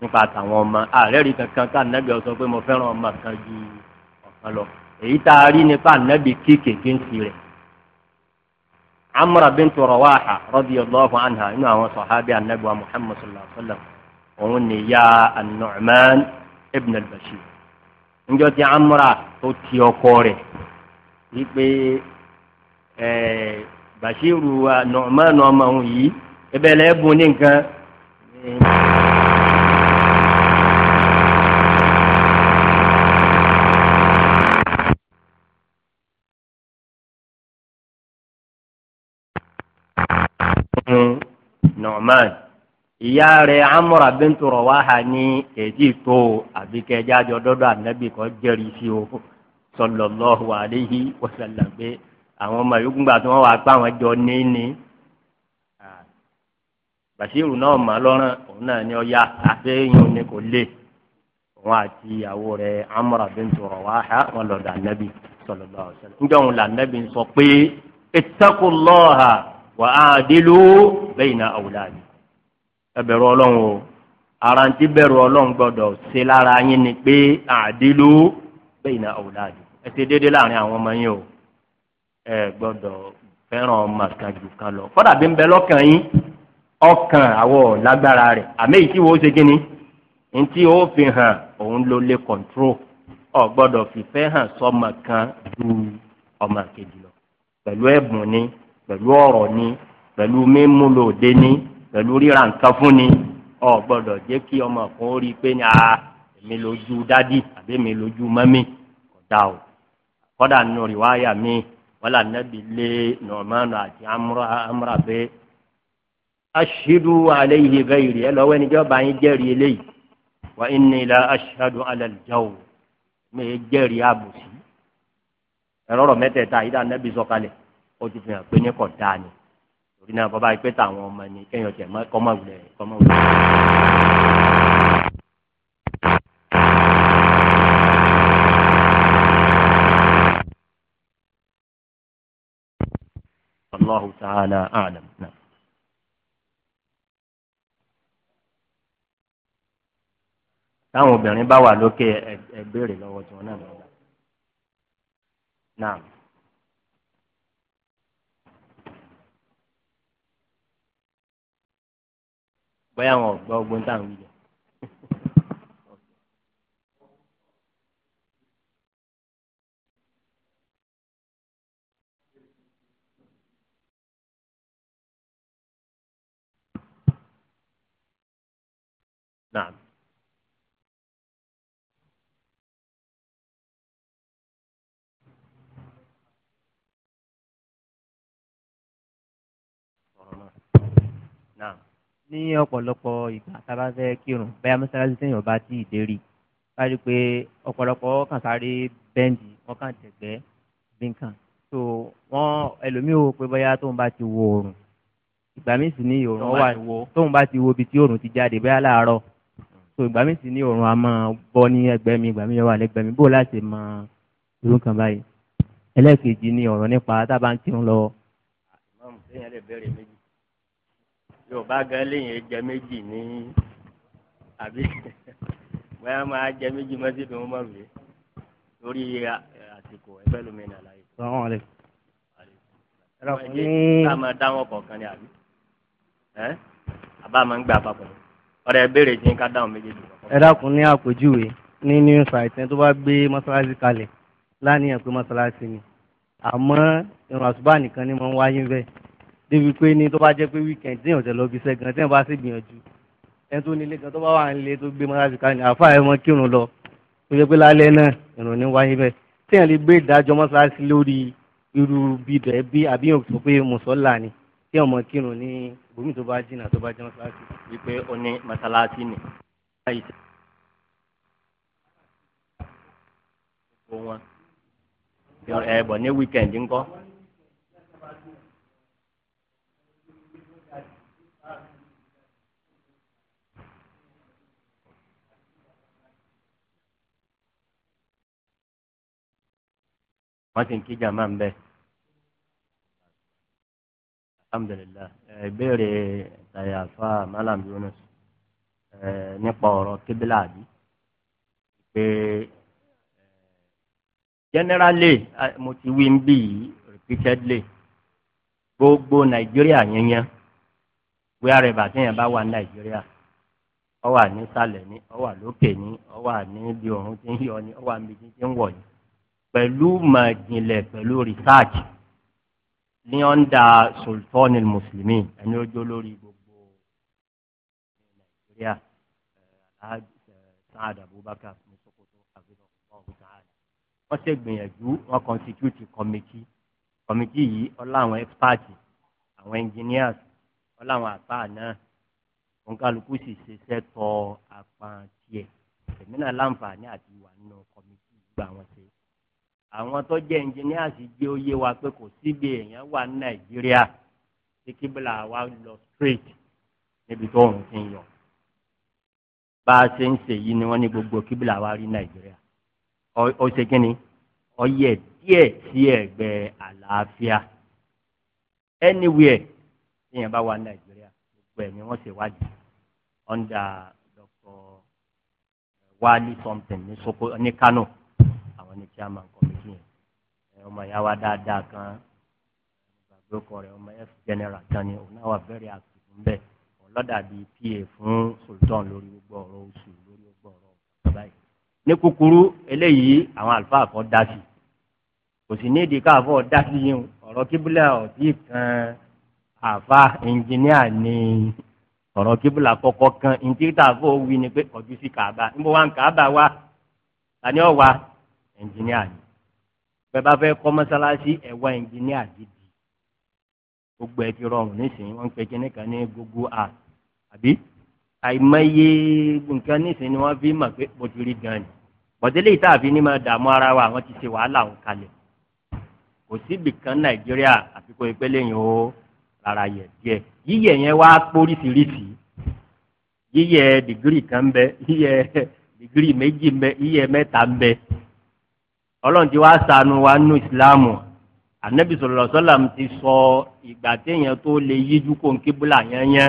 nípa tàwọn ọmọ ààrẹ rí kankan ká pé mo kan ju lọ èyí tá a rí ni pa ànábì kéèké gẹ́ǹsì rẹ̀ amra bintu rawaha radiyallahu anha inú àwọn sọ̀hábí ànábì wa muhammad sallallahu alayhi wa sallam òun ni ya an-nu'man ibn al-bashir njọ́ ti amra tó ti ọkọ rẹ̀ wípé ẹ̀ẹ́ bashiru wa ọmọ òun yìí ẹbẹ̀ lẹ́ẹ̀bùn ní nǹkan. fún Nu'man ìyá rẹ̀ amụrụ bintu Rawaha ní n'i tó àbíkẹ́ jájọ dọ́dọ̀ ànábì kan sí o sallallahu alayhi wa àwọn ọmọ yòókù gbà tí jọ níní Bàṣírù náà mà òun náà ni ọya òní wà á délú bẹ́yìn náà àwùláàdì ẹ bẹ̀rù ọlọ́run o àrántí bẹ̀rù ọlọ́run gbọ́dọ̀ ṣe lára yín ni pé àdélú bẹ́yìn náà àwùláàdì ẹ ti déédéé láàrin àwọn ọmọ yín o ẹ gbọ́dọ̀ fẹ́ràn ọmọ kan jù kan lọ kọ́dà bí ń bẹ lọ́kàn yín ọkàn àwọ̀ lágbára rẹ̀ àmì èyí tí ṣe kíni ntí ó fi hàn òun ló lè kọ̀ntró ọ gbọ́dọ̀ fìfẹ́ hàn sọ́mọ kan ju ọmọ kejì lọ pẹ̀lú ẹ̀bùn ni pẹ̀lú ọ̀rọ̀ ni pẹ̀lú mímúlò òde ni pẹ̀lú ríra nǹkan fún ni ọ gbọ́dọ̀ jẹ́ kí ọmọ kan ó rí i pé ní a èmi lójú dádì àbí èmi lójú mọ́mì kò dá o kọ́dà nínú rìwáyà mi wọ́lá nẹ́bi lé nọ̀mánà àti amúra pé aṣídú aléyìí gẹ́yìrì ẹ lọ́wọ́ ẹni jọba yín jẹ́rìí eléyìí wà ní ilà aṣáájú alẹ́lẹ́jáwò mi jẹ́rìí àbòsí ẹ̀rọ mẹ́tẹ̀ẹ̀ta yìí dá nẹ́bi sọ̀kalẹ̀ ó ti fi hàn pé ní dáa ni torí náà bàbá yìí táwọn ọmọ ni kéèyàn jẹ kọ́mọ wulẹ̀ kọ́mọ wulẹ̀. Allahu ta'ala a'lam náà. táwọn obìnrin bá wà lókè ẹ béèrè lọ́wọ́ bóyá wọn bao bốn ogun táwọn wí jẹ. ní ọ̀pọ̀lọpọ̀ ìgbà tá a bá fẹ́ kírun bẹ́ẹ̀ mọ́sálásí tẹ̀yìn ọba tí ì dérí bá rí i pé ọ̀pọ̀lọpọ̀ kàn sáré bẹ́ǹdì wọ́n kàn tẹ̀gbẹ́ bínkàn so wọ́n ẹlòmíì wò pé bóyá tóun bá ti wo oòrùn ìgbà míì sì ní oòrùn wà tóun bá ti wo ibi tí oòrùn ti jáde bóyá láàárọ̀ so ìgbà míì sì ní oòrùn a máa bọ́ ní ẹgbẹ́ mi ìgbà míì wà lẹ́gbẹ́ mi bó láti mọ irú kan báyìí ẹlẹ́ẹ̀kejì ni ọ̀rọ̀ nípa tá a bá ń kírun lọ. ìmọ̀ọ́mù sẹ́yìn ẹ méjì yorùbá gan léyìn jẹ méjì ní àbí bóyá máa jẹ méjì mọ́tì tó ń mọ̀ rè lórí àsìkò ẹgbẹ́ lómi nàlá yìí. sọ́wọ́n wọlé. ẹ̀jẹ̀ ká máa dáwọn kọ̀ọ̀kan ni àbí àbá máa ń gbà papọ̀ ọ̀rẹ́ ìbéèrè tí ń ká dáhùn méjèèjì. ẹ dákun ní àpèjúwe ní new site ẹni tó bá gbé mọ́ṣáláṣí kalẹ̀ láníyàn pé mọ́ṣáláṣí ni àmọ́ ìrun àsùbá nìkan ni mo ń wáyé bẹ́ẹ̀ débi pé ní tó bá jẹ́ pé weekend tí èèyàn tẹ̀ lọ bí iṣẹ́ gan tí èèyàn bá sì gbìyànjú ẹni tó nílé gan tó bá wà nílé tó gbé mọ́tàsí kan ní àáfà ẹ̀ mọ́ kírun lọ tó jẹ́ pé lálẹ́ náà ìrùn ní wáyé bẹ́ẹ̀ tí èèyàn lè gbé ìdájọ́ mọ́tàsí lórí irú bídọ̀ ẹ bí àbí èèyàn sọ pé mùsọ́là ni tí èèyàn mọ́ kírun ní ìbomi tó bá jìnnà tó bá jẹ́ mọ́tàsí. wípé ó ní mọ́sálásí ni ẹ bọ̀ ní wíkẹ̀ndì ńkọ́. wọ́n ti ń kí jàmáà ń bẹ̀. alhamdulilayi ìbéèrè ṣàyàfà malam yunus nípa ọ̀rọ̀ kíbílà àbí pé generally mo ti wí ń bì yìí repeatedly gbogbo nàìjíríà yẹnyẹn wíwárẹ̀bà téèyàn bá wà nàìjíríà ó wà nísàlẹ̀ ni ó wà lókè ni ó wà níbi òun tí ń yọ ni ó wà níbi tí ń wọ̀ ni pẹ̀lú màjìnlẹ̀ pẹ̀lú research ní ọ̀ndà sultan muslimi ẹni ojú olórí gbogbo nàìjíríà eh, eh, sáàdà abubakar musokoto abidjan ọ̀hún sáàdà wọ́n ṣe gbìyànjú wọ́n constitute committee committee yìí ọlá àwọn experts àwọn engineers ọlá àwọn àpá náà òǹkàlùkù sì ṣiṣẹ́ tọ apá tiẹ̀ èmi náà láǹfààní àti ìwà nínú committee gbà wọ́n ṣe àwọn tó jẹ́ engineers jẹ́ oyé wa pé kò síbi èèyàn wà ní nàìjíríà tí kíbla wa lọ straight níbi tó òun ti ń yọ bá a ṣe ń ṣe yìí ni wọ́n ní gbogbo kíbla wa rí nàìjíríà ó ṣe kí ni ó yẹ díẹ̀ sí ẹ̀gbẹ́ àlàáfíà anywhere téèyàn bá wà nàìjíríà gbogbo ẹ̀ ni wọ́n ṣe wádìí under Dr. Wali something ní Soko ní Kano àwọn ní chairman ọmọ ìyá wa dáadáa kan gbàgbé ọkọ rẹ̀ ọmọ f general kan ni òun náà wà very active ń bẹ̀ ọlọ́dà bíi pa fún sultan lórí gbogbo ọ̀rọ̀ oṣù lórí gbogbo ọ̀rọ̀ bàbá yìí ní kúkúrú eléyìí àwọn àlùfáà kan dá sí kò sì nídìí káàfọ́ dá sí yín ọ̀rọ̀ kíbílà ọ̀tí kan àfa ẹnjìníà ni ọ̀rọ̀ kíbílà kọ́kọ́ kan ntí káàfọ́ wí ni pé kọjú sí kàába níbo wá ń kàába wá tani ọ̀ wá ẹnjìníà ni bẹ́ẹ̀ bá fẹ́ kọ́ mọ́sálásí ẹ̀wá ẹnjìníà gidi gbogbo ẹ̀ ti rọrùn nísìnyí wọ́n ń pe kíní kan ní Google Earth àbí àìmọye nǹkan nísìnyí ni wọ́n fi mọ̀ pé mo ti rí gan ni bọ̀délé ìtààfin ní máa dààmú ara wa àwọn ti ṣe wàhálà òun kalẹ̀ kò síbì kan Nàìjíríà àfikún ìpele yìí ó rárá yẹ díẹ̀ yíyẹ yẹn wá póríṣiríṣi yíyẹ dìgírì kan ń bẹ yíyẹ dìgírì méjì bẹ yíyẹ mẹ́ta bẹ ọlọ́run ti wá ṣàánú wa nínú ìsìláàmù ànábì sọlọ sọlá ti sọ ìgbà téèyàn tó lè yíjú kó ń kíbúlà yẹnyẹn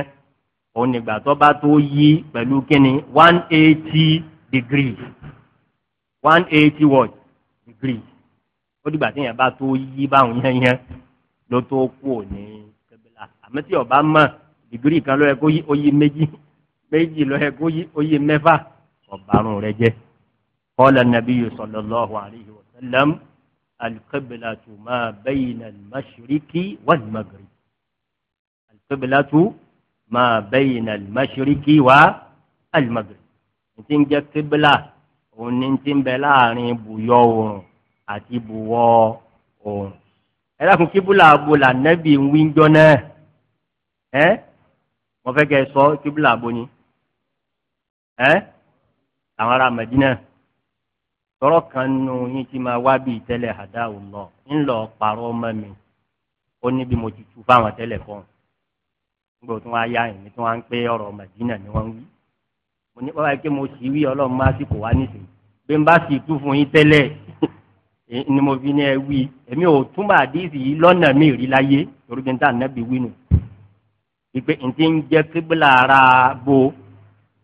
òun nígbà tó bá tó yí pẹ̀lú kíni one eighty degree one eighty what degree ó dìgbà téèyàn bá tó yí báwọn yẹnyẹn ló tó kú òní kíbúlà àmọ́ tí ọba mọ̀ degree kan ló kó yí méjì méjì ló kó yí mẹ́fà ọ̀bàrún rẹ jẹ́ kọ́lá nàbíyù sọlọ́lọ́hu àríyù islam alqiblatu ma bayna almashriqi wal maghrib alqiblatu ma bayna almashriqi wa almaghrib ntí ń jẹ́ qibla òun ni ti ń bẹ láàrin ibùyọ oòrùn àti ibùwọ̀ oòrùn ẹ dákun kíbùlà abo là nẹ́bì ń wí jọ náà ẹ wọ́n fẹ́ kẹ́ ẹ sọ kíbùlà abo ni ẹ àwọn ará Mẹ́dínà tọrọ kan nù yín tí máa wá bíi tẹ́lẹ̀ àdá ò lọ ńlọ pààrọ̀ ọmọ mi ó ní bí mo ti tu fáwọn tẹ́lẹ̀ fọ́n nígbà tí wọ́n á yá ẹ̀mí tí wọ́n á ń pé ọ̀rọ̀ màdínà ni wọ́n ń wí mo ní wọ́n báyìí pé mo sì wí ọlọ́run má sì kò wá nísìnyí bí n bá sì tú fún yín tẹ́lẹ̀ ni mo fi ní ẹ wí èmi ò túmọ̀ àdísì yìí lọ́nà mi rí láyé torí pé n tà nẹ́bi wí nù ìpè ntí ń jẹ́ kíbla ara bo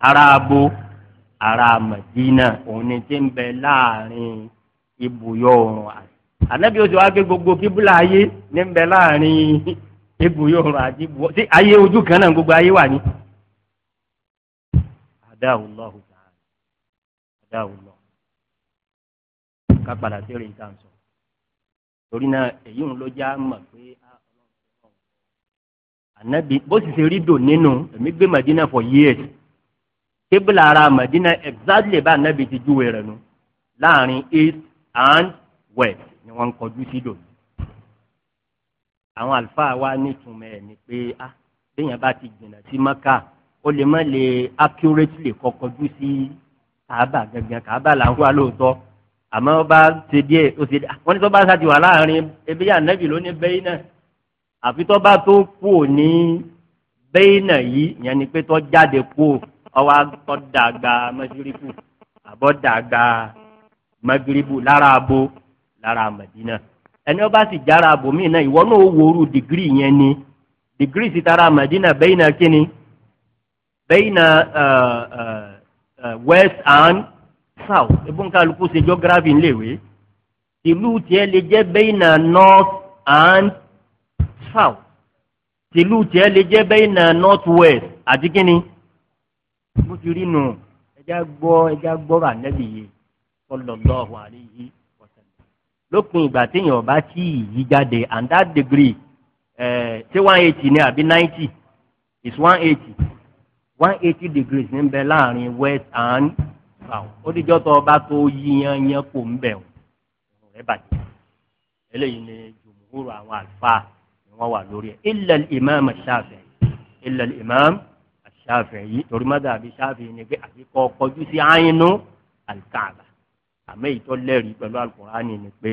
ara bo ara Madina òun ni ti ń bẹ láàrin ibùyọ oòrùn àti ànábì ó ti wá gbé gbogbo kíbúlà ayé ní ń bẹ láàrin ibùyọ oòrùn àti ibùyọ ayé ojú kan gbogbo ayé wà ní. ká padà sí sọ torí ló já kébìlà ara Madina exactly bá anabi ti júwe rẹ̀ nu láàrin east and west ni wọ́n ń kọjú sí dòní. àwọn àlùfáà wa nítumọ̀ ẹ̀ ni pé ah béèyàn bá ti jìnnà sí Maka ó lè má lè accurately kọkọjú sí Kaaba gangan Kaaba là ń wá lóòótọ́ àmọ́ ó bá ṣe díẹ̀ ó ṣe díẹ̀ ah, wọ́n ní tó bá ṣàti wà láàrin ebi yà nẹ́bì ló ní bẹ́yìn náà àfi tó bá tó kú ò ní bẹ́yìn náà yìí ìyẹn ni pé tó jáde kú ọwọ́ àtọ́dà gba mẹsiribu àbọ̀dà gba mẹgiribu lára abo lára mẹdínà ẹni ọba sì jára abo míì náà ìwọ náà wòoru dìgírì yẹn ni dìgírì sì tara mẹdínà bẹ́yìn náà kíni bẹ́yìn náà west and south ebúnkálukú ṣe geography ńlẹ̀wé tìlú tiẹ̀ lè jẹ́ bẹ́yìn náà north and south tìlú tiẹ̀ lè jẹ́ bẹ́yìn náà north west àti kíni bó ti rí nù ẹja gbọ́ ẹja gbọ́rọ̀ ànẹ́bì yìí sallallahu alaihi wasallam lópin ìgbà téèyàn ọba tí yìí jáde and that degree ṣé one eighty ni àbí ninety is one eighty one eighty degrees ní bẹ láàrin west and south ó díjọ́ tó ọba tó yíyan yẹn kò ń bẹ̀ ọ̀rọ̀ rẹ bàjẹ́ eléyìí ni jùmùhúrò àwọn àlùfáà ni wọ́n wà lórí ẹ̀ illa al-imam Shafi'i illa al-imam ṣáfẹ̀ yìí torí mọ́tà àbí ṣáfẹ̀ yìí ni pé àfikọ́ kọjú sí àyínú àlùkàbà àmọ́ ìtọ́ lẹ́rìí pẹ̀lú alukurani ni pé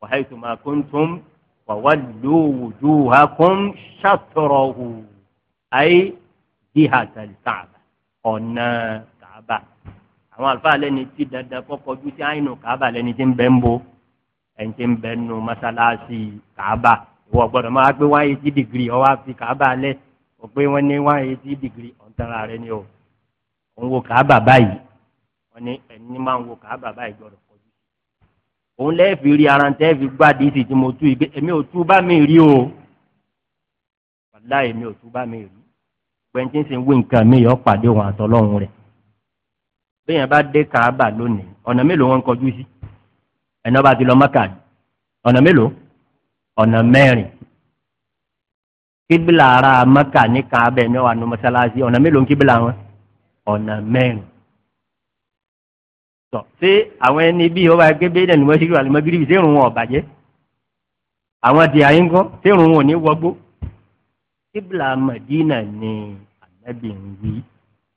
wa haythu ma kuntum wa wallu wujuhakum shatrahu ay jihata àlùkàbà ọ̀nà kàbà àwọn àlùfáà lẹ́ni tí dandan kọ́ kọjú sí àyínú kàbà lẹ́ni tí ń bẹ ń bo ẹni tí ń bẹ nu mọ́sálásí kàbà wọ́n gbọ́dọ̀ máa gbé one eighty degree ọwọ́ àfi kàábà alẹ́ o pé wọ́n ní one eighty degree ọ̀ntara rẹ ni o òun wo kàábà báyìí wọ́n ní ẹni máa ń wo kàábà báyìí gbọ́dọ̀ kọjú òun lẹ́ẹ̀fì rí ara tẹ́ fi gbádìí sì ti mo tú ìgbé èmi ò tú bá mi rí o wàlá èmi ò tú bá mi rí gbẹ̀ntì sì ń wí nǹkan mi yọ pàdé òun àtọ́lọ́run rẹ̀ bẹ́ẹ̀ bá dé kàábà lónìí ọ̀nà mélòó wọn kọjú sí ẹ̀nà bá ti lọ mọ́kà ọ̀nà mélòó ọ̀nà mẹ́rin kíbìlà ara mẹ́kà ní kaabẹ́ ní wàá nu mọ́sálásí ọ̀nà mélòó ń kíbìlà wọn ọ̀nà mẹ́rin tọ́ ṣé àwọn ẹni bíi ọba gébé náà ni wọ́n ṣe kí wàá lè mọ gíríbì sí ìrùn wọn ọ̀bàjẹ́ àwọn ti àyín kọ́ ìrùn wọn ò ní wọgbó kíbìlà Mẹdínà ni àgbẹ̀bìnrin yìí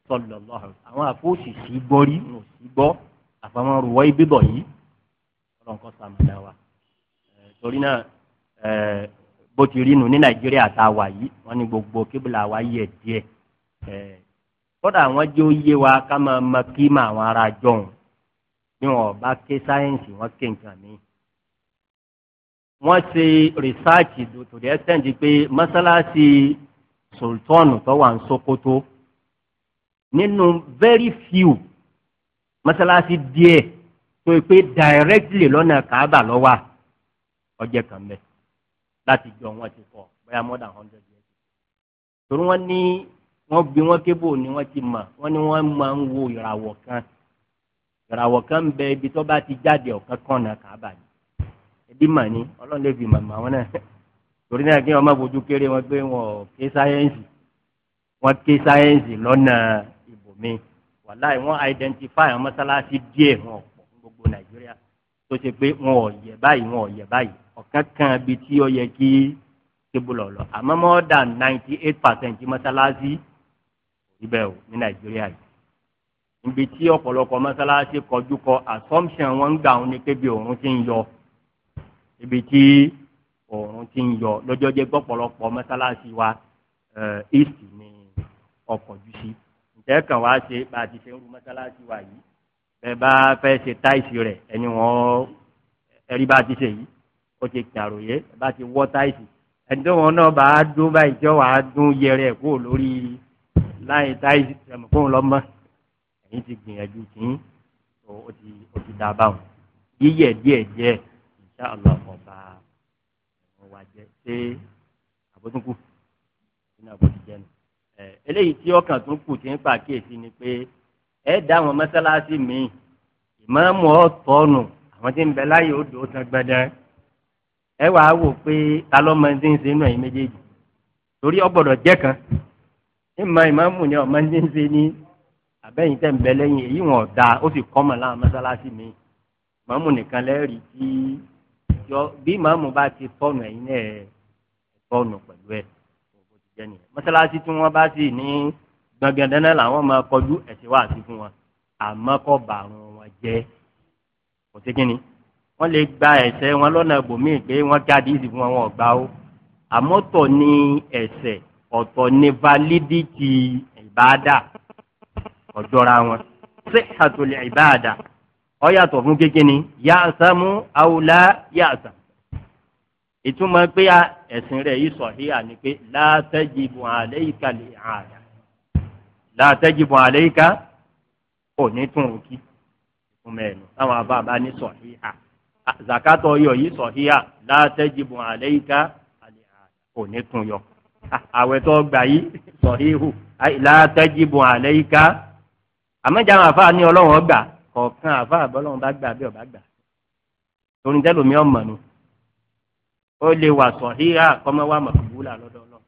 sọlọ lọ́hùn àwọn àfọ́sì sí gbọ́ rí nù sí gbọ́ àfọwọ́n rúwọ́ ibíbọ̀ yìí ọlọ́nkọ́ sàmìlà torí náà bó ti rí nu ní nàìjíríà tá a wà yìí wọn ní gbogbo kíbla wa yẹ díẹ̀ kódà àwọn jẹ́ ó yé wa ká máa mọ kí mà àwọn ará jọ̀hún bí wọn bá ké sáyẹ́ǹsì wọn ké nǹkan mi. wọ́n ṣe rìsáàcì to the pé mọ́sálásí sultan tó wà ní Sokoto nínú very few mọ́sálásí díẹ̀ tó yẹ pé directly lọ́nà Kaaba ló wà ọjẹ́ kan bẹ́ẹ̀ láti jọ wọn ti kọ bóyá more than hundred years torí wọn ní wọn bí wọn kébò ni wọn ti mọ wọn ni wọn máa ń wo ìràwọ̀ kan ìràwọ̀ kan ń bẹ ibi tó bá ti jáde ọ̀kan kan náà ni ẹbí mà ní ọlọ́run lè fi màmá wọn náà torí náà kí wọn má bójú kéré wọn pé wọn ké sáyẹ́ǹsì wọn ké sáyẹ́ǹsì lọ́nà ìbòmí wàláì wọn identify àwọn mọ́sálásí díẹ̀ wọn ọ̀pọ̀ fún gbogbo nàìjíríà tó ṣe pé wọn ò yẹ báyìí wọn ò yẹ báyìí ọ̀kan kan bi tí ó yẹ kí kébùlù ọ̀lọ́ àmọ́ more than ninety eight percent mọ́sálásí ibẹ̀ o ní nàìjíríà yìí níbi tí ọ̀pọ̀lọpọ̀ mọ́sálásí kọjú kọ assumption wọn ń gbà wọn ni kébi òun ti ń yọ ibi tí òun ti ń yọ lọ́jọ́ jẹ́ gbọ́pọ̀lọpọ̀ mọ́sálásí wa eh, east ni ọkọ̀jú sí ǹjẹ́ kàn wá ṣe bá a ti ṣe ń ru mọ́sálásí wa yìí bẹ́ẹ̀ bá fẹ́ ṣe táìsì rẹ̀ ẹni wọ́n ẹ̀rí bá a ti ṣe yìí ó ti kàròyé bá ti wọ́ táìsì ẹ̀dùn wọn náà bá a dún báyìí tí wọ́n á dún yẹrẹ ẹ̀ kúrò lórí láì táìsì ẹ̀mọ̀ fún un lọ́mọ ẹ̀yìn ti gbìyànjú kì í ó ti ó ti dá a báwọn yíyẹ díẹ̀ díẹ̀ insha Allah ọba ẹ̀wọ̀n wa jẹ́ ṣé àbótúnkù nínú àbótí jẹ́ nù. eléyìí tí ọkàn tó kù ti ń pàkíyèsí ni pé ẹ dá àwọn mọ́sálásí míì ìmáàmù ọ̀tọ̀ọ̀nù àwọn tí ń bẹ láyé ó dòó san gbẹdẹ́ ẹ wàá wò pé ta ló máa ń dín ṣe inú ẹ̀yin méjèèjì torí ọ gbọ́dọ̀ jẹ́ kan ìmọ̀ ìmọ̀mù ni ọmọ ń dín ṣe ní àbẹ́yìn tẹ̀ ń bẹ lẹ́yìn èyí wọn ọ̀dà ó sì kọ́ mọ̀ láwọn mọ́sálásí mi ìmọ̀mù nìkan lẹ́rìí tí yọ bí ìmọ̀mù bá ti fọ́ọ̀nù ẹ̀yin náà ẹ̀ fọ́ọ̀nù pẹ̀lú ẹ̀ mọ́sálásí tí wọ́n bá sì ní gbọ̀ngàndínlẹ́ làwọn máa wọ́n lè gba ẹ̀ṣẹ̀ wọn lọ́nà ibòmíì pé wọ́n ká díìsì fún wọn ọ̀gbá o àmọ́tọ̀ ni ẹ̀ṣẹ̀ ọ̀tọ̀ ni validity ìbáadà ọ̀jọ́ra wọn sihhatul ìbáadà ó yàtọ̀ fún kékeré ya'samu aw la ya'sam ìtumọ̀ pé ẹ̀sìn rẹ̀ yìí sọ̀híà ni pé la tajibu alayka li'ada la tajibu alayka ò ní tún òkì fún mẹ́rin táwọn abá bá ní sọ̀híà zakatọ yọ yìí sọ̀híà látẹ́jìbù àlẹ́yìká kò ní kun yọ àwẹ̀tọ́ gbà yìí sọ̀híhù látẹ́jìbù àlẹ́yìká àmọ́jà àwọn àfa ní ọlọ́run ọgbà kọ̀ọ̀kan àfa àbọ̀lọ́run bá gbà bí ọ̀bá gbà torí tẹ́lómi ọmọ nu ó lè wà sọ̀híhà kọ́mọ́ wà mọ̀kúbúlà lọ́dọọlọ́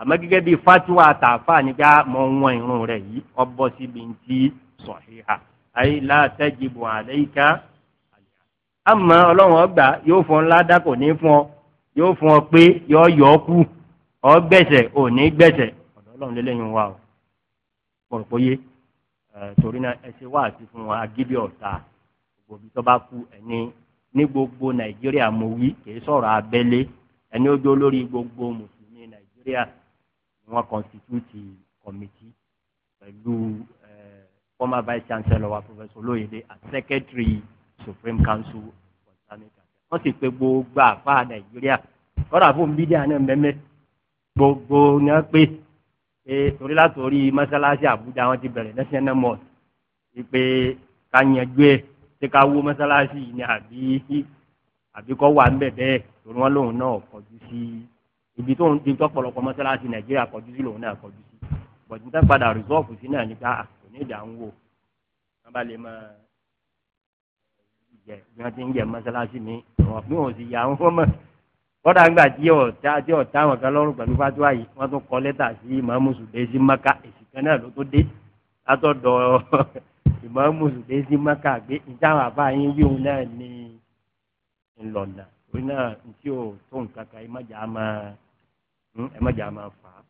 àmọ́ gẹ́gẹ́ bíi fatuwa àtàfà nígbà mọ̀ wọn ìrun rẹ̀ yìí ọ bọ́ síbi ń ti sọ̀híhà àyè látẹ́jìbù àlẹ́yìká àmọ́ ọlọ́run ọgbà yóò fún ọ ládàá kò ní fún ọ yóò fún ọ pé yọ yọ ọ kú ọ gbẹ̀sẹ̀ ò ní gbẹ̀sẹ̀ ọ̀dọ̀ ọlọ́run lélẹ́yìn wa o pọ̀rọ̀pọ̀yé torí náà ẹ ṣe wá àti fún wa agídí ọ̀tá gbogbo ibi tó bá kú ẹni ní gbogbo nàìjíríà mo wí kìí sọ̀rọ̀ abẹ́lé ẹni ó dó lórí gbogbo mùsùlùmí nàìjíríà ni wọ́n constitute committee pẹ̀lú former vice chancellor wa professor olóyèdè as secretary supreme council for islamic affairs wọ́n sì pé gbogbo àpá nàìjíríà kọ́dà fún mídíà náà mẹ́mẹ́ gbogbo ni wọ́n pè é torí látòrí mọ́sálásí àbújá wọn ti bẹ̀rẹ̀ national mosque ìpè ká yanjú ẹ̀ ṣé ká wó mọ́sálásí ni àbí àbí kọ́ wà ń bẹ̀ bẹ́ẹ̀ torí wọn lòun náà kọjú sí ibi tó ń tọ́ pọ̀lọpọ̀ mọ́sálásí nàìjíríà kọjú sí lòun náà kọjú sí bọ̀dúntàn padà rìsọ́ọ̀fù sí náà nípa ah, kò ní ìdá wò wọ́n bá lè máa jẹ bí wọ́n ti ń jẹ mọ́sálásí mi wọ́n bí wọ́n sì yà wọ́n mọ̀ kọ́dà ńgbà tí ọ̀tá tí ọ̀tá àwọn kan lọ́rùn pẹ̀lú fatuwa yìí wọ́n tún kọ́ lẹ́tà sí ìmáàmù sùdẹ́sí maka èsì kan náà ló tó dé látọ̀dọ̀ ìmáàmù sùdẹ́sí maka gbé ìjáwọ̀ àbáyín yíyún náà ní ńlọ̀nà torí náà ntí o tó nǹkan kan ẹ má jà á hm, ẹ má jà á fà á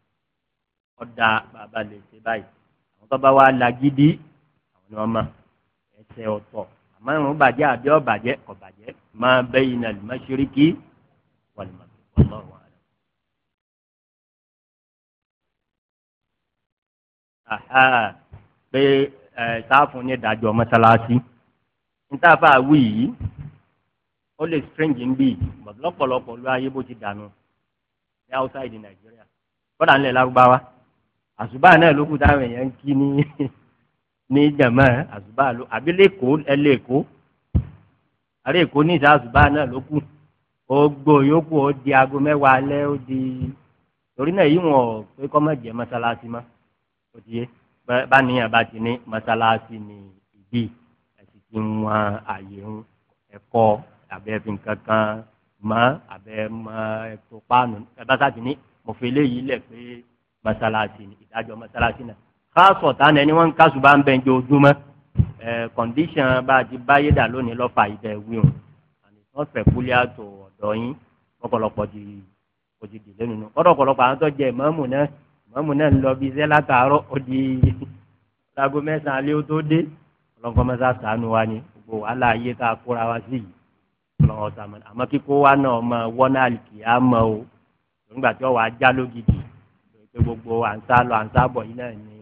ọ̀dà bàbá lè ṣe báyìí àwọn tó bá wà lágídí àwọn ni wọ́n mọ̀ ẹsẹ̀ ọ̀tọ̀ márùn bàjẹ́ àbí ọ̀bàjẹ́ ọ̀bàjẹ́ máa bẹ́yìn náà lùmọ́ṣíríkì wàlùmọ́ṣíríkì wàlùmọ́ṣíríkì. pé sáfún ní ìdájọ́ mọ́sálásí nítafà wí yìí ó lè strange ń bì lọ́pọ̀lọpọ̀ ló ayé bó ti dànù ní outside Nigeria kọ́dà ńlẹ̀ lárúbáwá àṣùbà náà ló kù táwọn èèyàn ń kí ní. ní jàmá àṣùbà ló àbí lẹ́kọ̀ọ́ ẹlẹ́kọ̀ọ́ àrẹ èkó ní ìta àṣùbà náà ló kù ogbó yòókù ó di aago mẹ́wàá alẹ́ ó di torí náà yìí wọn ò pé kọ́ mọ̀ jẹ́ mọ́sálásí mọ́ ó ti yé bá níyàn bá ti ní mọ́sálásí ni ìdí ẹ̀sìn ti ń wọn àyè ń ẹ̀kọ́ àbẹ́fin kankan mọ́ àbẹ́ mọ́ ẹ̀tọ́ páànù ẹ̀ bá sáà ti ní mo fi lẹ̀ pé mọ́sálásí ni ìdájọ́ mọ́sálásí náà káàsọ̀ tánà ẹni wọ́n ń kásù bá ń bẹ̀ jẹ ojúmọ́ ẹ̀ kọ̀ǹdíṣàn bá a ti báyé dà lónìí lọ́fà ìbẹ̀ wíwọ̀n àmì wọ́n fẹ̀ kúlẹ̀ àtò ọ̀dọ́ yín ọ̀pọ̀lọpọ̀ di òjijì lẹ́nu náà ọ̀dọ̀ ọ̀pọ̀lọpọ̀ àwọn tó jẹ ìmọ̀ọ́mù náà ìmọ̀ọ́mù náà ń lọ bí iṣẹ́ látàárọ̀ ó di láago mẹ́sàn-án alẹ́ ó tó dé ọlọ́gọ́mọsá sànù wa ni gbogbo wàhálà ayé tá a kóra wa sí yìí ọlọ́wọ́ sàmọ́ àmọ́ kíkó wa náà mọ wọ́nà àlìkì á mọ o nígbà tí wọ́n wàá já lógidì gbogbo à ń sá lọ à ń sá bọ̀ yìí náà ni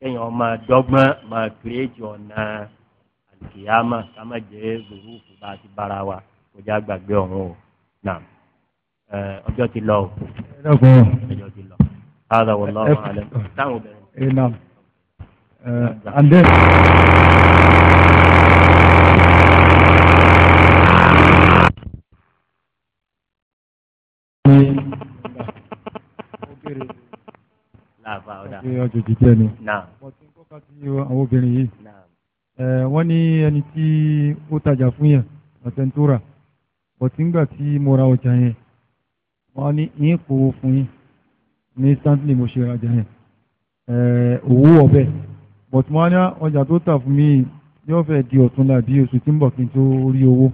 kéèyàn máa dọ́gbọ́n máa kírèjì ọ̀nà àlùkìyàmà ká má jẹ́ zòrúfù bá a ti bára wa kọjá gbàgbé ọ̀hún o naam ọjọ́ ti lọ o ọjọ́ ti lọ hàdà wàlláhu àlẹ́ táwọn obìnrin. ọ̀dà. ṣe àjòjì díẹ̀ ni. mo ti ń kọ́ka sí àwọn obìnrin yìí. wọ́n ní ẹni tí ó tajà fún yẹn àtẹ̀ntúrà bọ̀ tí ngbà tí mo ra ọjà yẹn wọ́n ní ìyín kó fún yín ní ọjà tó mi yóò fẹ́ di ọ̀túnla bí oṣù tí ń bọ̀ kí n tó rí owó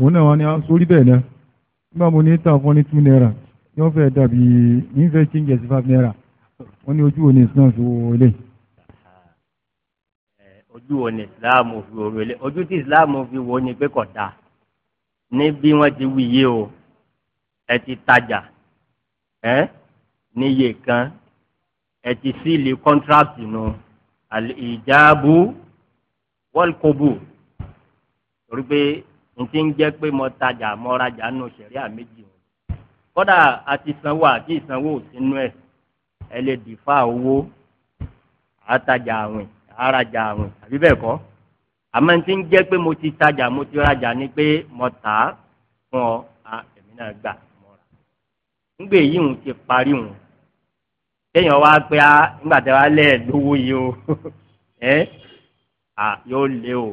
òun náà wọ́n ní ah, sórí bẹ́ẹ̀ náà nígbà mo ní tà fún ní two naira yóò fẹ́ dàbí ìfẹ́ change five wọ́n ní ojú wo ni islam fi wo ilé. ojú wo ni islam fi wo ilé ojú tí islam fi wo ni pé kò dáa ní bí wọ́n ti wí yé o ẹ ti tajà ẹ níye kan ẹ ti síìlì kọ́ńtrákì nù ìjáàbù wọ́lkọ́bù torí pé n ti ń jẹ́ pé mo tajà mo rajà nù sẹ̀ríà méjì kódà àti sanwó àti ìsanwó sínú ẹ̀ ẹ lè dìfà owó àtajà àwìn àrajà àwìn àbí bẹ́ẹ̀ kọ́ àmọ́ tí ń jẹ́ pé mo ti tajà mo ti rajà ni pé mo tà á fún ọ èmi náà gbà mo rà ńgbè yìí ń ti parí òun téèyàn wá pé á nígbà tí wàá lẹ̀ lówó yìí o ẹ à yóò lé o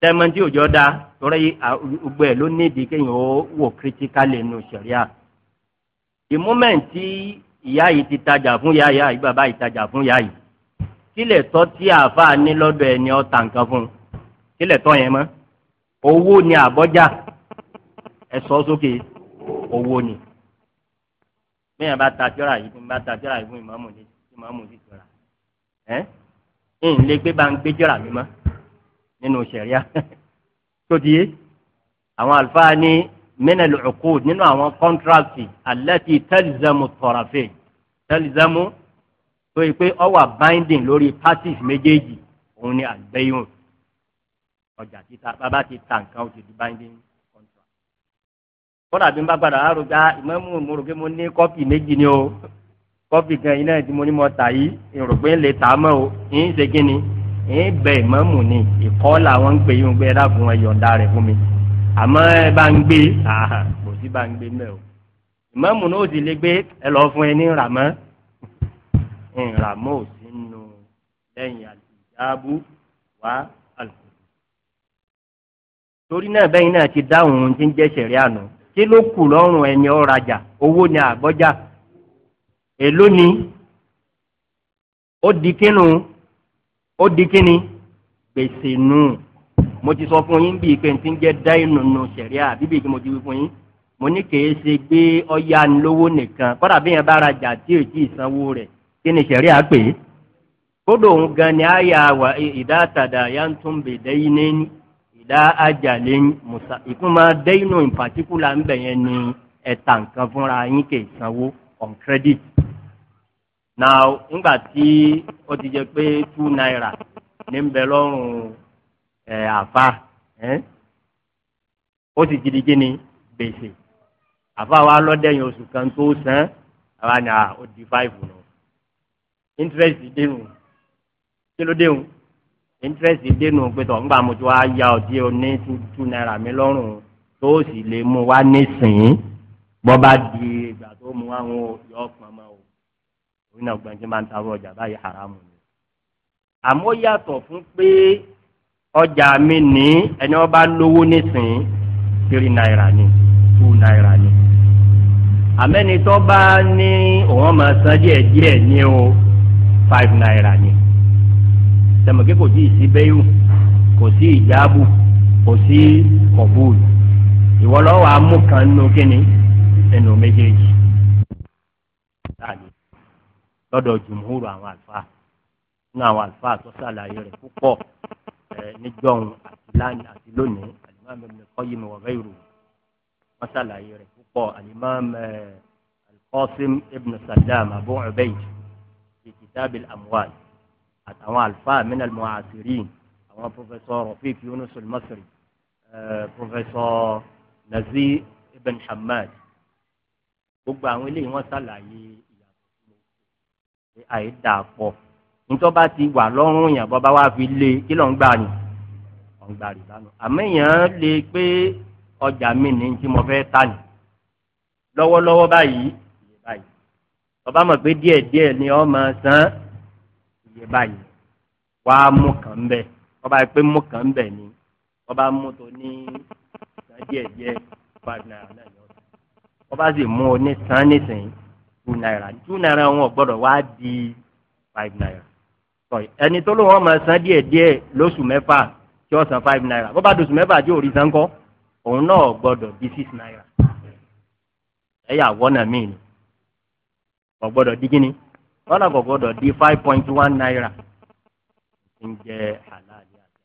tẹ́mọ̀tì òjò da torí gbogbo ẹ̀ ló nídìí kéèyàn ó wò kírítíkálì nù sẹ̀ríà the moment tí ìyá yìí ti tajà fún ìyá ìyá yìí bàbá yìí tajà fún ìyá yìí kílẹ̀ tọ́ tí àáfàá ní lọ́dọ̀ ẹni ọ̀tà nǹkan fún un kílẹ̀ tọ́ yẹn mọ́ owó ni àbọ́jà ẹ sọ sókè owó ni bẹ́ẹ̀ bá ta tíọ́rà yìí bá ta tíọ́rà yìí fún ìmọ̀ọ́mù ní ìmọ̀ọ́mù ní tíọ́rà ẹ́ ń lè gbé bá ń gbé tíọ́rà mi mọ́ nínú sẹ̀ríà tó ti yé àwọn àlùfáà ní mina al-uqud nínú àwọn kọ́ntrakì allati talzamu tarafayn talzamu tó yẹ pé ó wà binding lórí parties méjèèjì òun ni al-bay'u ọjà títa bàbá ti ta nǹkan ó ti di binding contract. kódà bí n bá gbàdá àròjà ah, ìmọ̀mú ìmọ̀rògbé mo ní kọ́pì méjì ni o kọ́pì gan iná tí mo ní mo tà yìí ìrògbé lè tà mọ́ o ìyín ṣe kí ni ìyín bẹ ìmọ̀mù ni ìkọ́ làwọn ń pè yín gbé ẹ̀dá fún ẹ yọ̀ǹda rẹ̀ fún mi àmọ́ ẹ bá ń gbé kò sí bá ń gbé mẹ́ o ìmọ̀mù náà ó sì lè gbé ẹ lọ fún ẹ ní ràmọ́ ràmọ́ ò sí nù lẹ́yìn àdìjáàbù wá àlùkò. torí náà bẹ́yìn náà ti dáhùn ohun tí ń jẹ́ sẹ̀rí àná kí ló kù lọ́rùn ẹni ọ̀rajà owó ni àbọ́jà èló ni ó di kínu ó di kíni gbèsè nù mo ti sọ fún yín bíi pé n ti ń jẹ́ dáínù nù sẹ̀ríà bíbí kí mo ti wí fún yín mo ní kèé ṣe gbé ọ̀ya lówó nìkan kọ́dà bí yẹn bá ra jà tí ò tí ì sanwó rẹ̀ kí ni sẹ̀ríà pè é kódò òun gan ni àyà wà ìdá tàdà yà ń ìdá àjà lẹ́yìn musa ìkúnmọ́ in particular ń bẹ̀ yẹn ni ẹ̀ta nǹkan fúnra yín kèé sanwó on credit now ńgbà tí ó ti jẹ pé two naira ní ń bẹ lọ́rùn ẹ àfa ẹ ó sì jìdí kíni gbèsè àfa wa lọ́dẹ̀yìn oṣù kan tó san àwa ni ó di five nù interest dénú kí ló dénú interest dénú pétọ ńgbà mo ti wá ya ọtí oní two naira mi lọ́rùn tó sì lè mú wa nísìnyí bọ́ bá di ìgbà tó mú àwọn yọ ọkàn mọ́ o orí náà gbọ́n tí máa ń tarú ọjà báyìí haramu ni àmọ́ yàtọ̀ fún pé ọjà mi ní ẹni wọn bá lówó nísìnyí three naira ni two naira ni àmẹ́ni tó bá ní òun máa san díẹ̀ díẹ̀ ní o five naira ni tẹmọ̀kẹ́ kò tíì sí bẹ́yù kò sí ìjáàbù kò sí kọ̀bùl ìwọ lọ́wọ́ amúkan nínú kíni ẹnu méjèèjì lọ́dọ̀ jùmúhùrù àwọn àlùfáà nínú àwọn àlùfáà tó ṣàlàyé rẹ̀ púpọ̀ níjọ́hun àti lánàá àti lónìí alimami ibn Qayyim wa ghayru wọ́n ṣàlàyé rẹ̀ púpọ̀ alimami al-Qasim ibn Saddam Abu Ubayd fi kitab al-amwal àtàwọn alfa min al-mu'asirin àwọn pọfẹsọ Rafiq Yunus al-Misri pọfẹsọ Nazih ibn Hammad gbogbo àwọn eléyìí wọ́n ṣàlàyé ìyàtọ̀ sí àìdàpọ̀ ntọ́ba ti wà lọ́rùn yàn bọ́ba wá fi lé kí ló ń gbà ní ló ń gbà rí lánà àmọ́ èèyàn lè pé ọjà mi ní tí mo fẹ́ tà ní lọ́wọ́lọ́wọ́ báyìí iye báyìí ọba mọ̀ pé díẹ̀díẹ̀ ni ọ máa san iye báyìí wá mú kàn ń bẹ̀ ọba pé mú kàn ń ni ọba mú tó ní san díẹ̀díẹ̀ five naira náà ni ọba sì mú ọ ní san nísìnyí two naira two naira wọn gbọ́dọ̀ wá di five naira ẹni tó lóun ọmọ san díẹ̀ díẹ̀ lóṣù mẹ́fà tí ó san five naira bó bá doṣù mẹ́fà tí ò rí san òun náà gbọ́dọ̀ di six naira ẹ̀yà wọ́nà míì ni kò gbọ́dọ̀ di kíni wọ́nà kò gbọ́dọ̀ di five point one naira ń jẹ́ àlàyé àti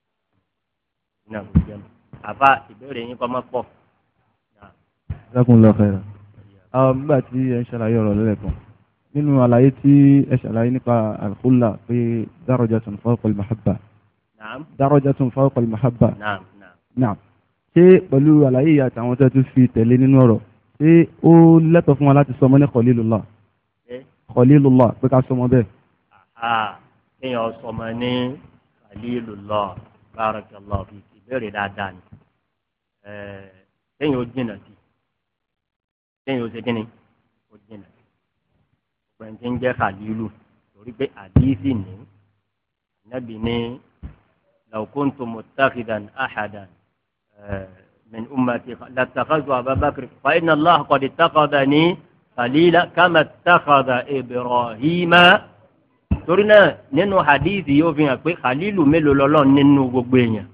ìnáwó ìjẹun àbá ìbéèrè yín kọ́ mọ́ pọ̀. ìdákùn lọ fẹ́ràn. nígbà tí ẹ ń ṣàlàyé ọ̀rọ̀ lẹ́lẹ̀kan nínú àlàyé tí ẹ ṣàlàyé nípa al-khulla pé darajatun fawqa al-mahabba. naam darajatun fawqa al-mahabba. naam naam. naam ṣé pẹ̀lú àlàyé yìí àtàwọn tó tún fi tẹ̀lé nínú ọ̀rọ̀ ṣé ó lẹ́tọ̀ fún wa láti sọ ọmọ ní kọ̀lílùlá kọ̀lílùlá pé ká sọmọ bẹ́ẹ̀. kéèyàn sọmọ ní kọ̀lílùlá bárakàlá fi ìbéèrè dáadáa ni kéèyàn ó jìnà sí kéèyàn ó ṣe kínní pẹ̀ntì ń jẹ́ kàlílù torí pé àdìsí ní nàbì ní law kuntu muttakidan ahadan eh, min ummati latakhadhu ababakar fa inna allah qad ittakhadhani khalila kama ittakhadha ibrahima torí náà nínú hadithi yóò fi hàn pé khalilu mélòó lọ́lọ́ nínú gbogbo èèyàn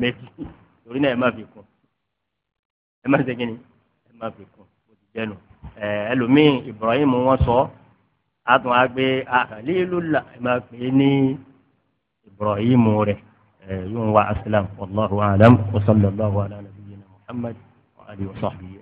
méjì torí náà ẹ fi kún ẹ má ṣe fi kún ó ti jẹ́ ẹlòmíì Ibrahim wọn sọ àtún á gbé àlélúlà máa pè é ní Ibrahim rẹ yóò wá asilam wàlláhu alam wa sallallahu ala nabiyyina wa alihi wa sahbihi.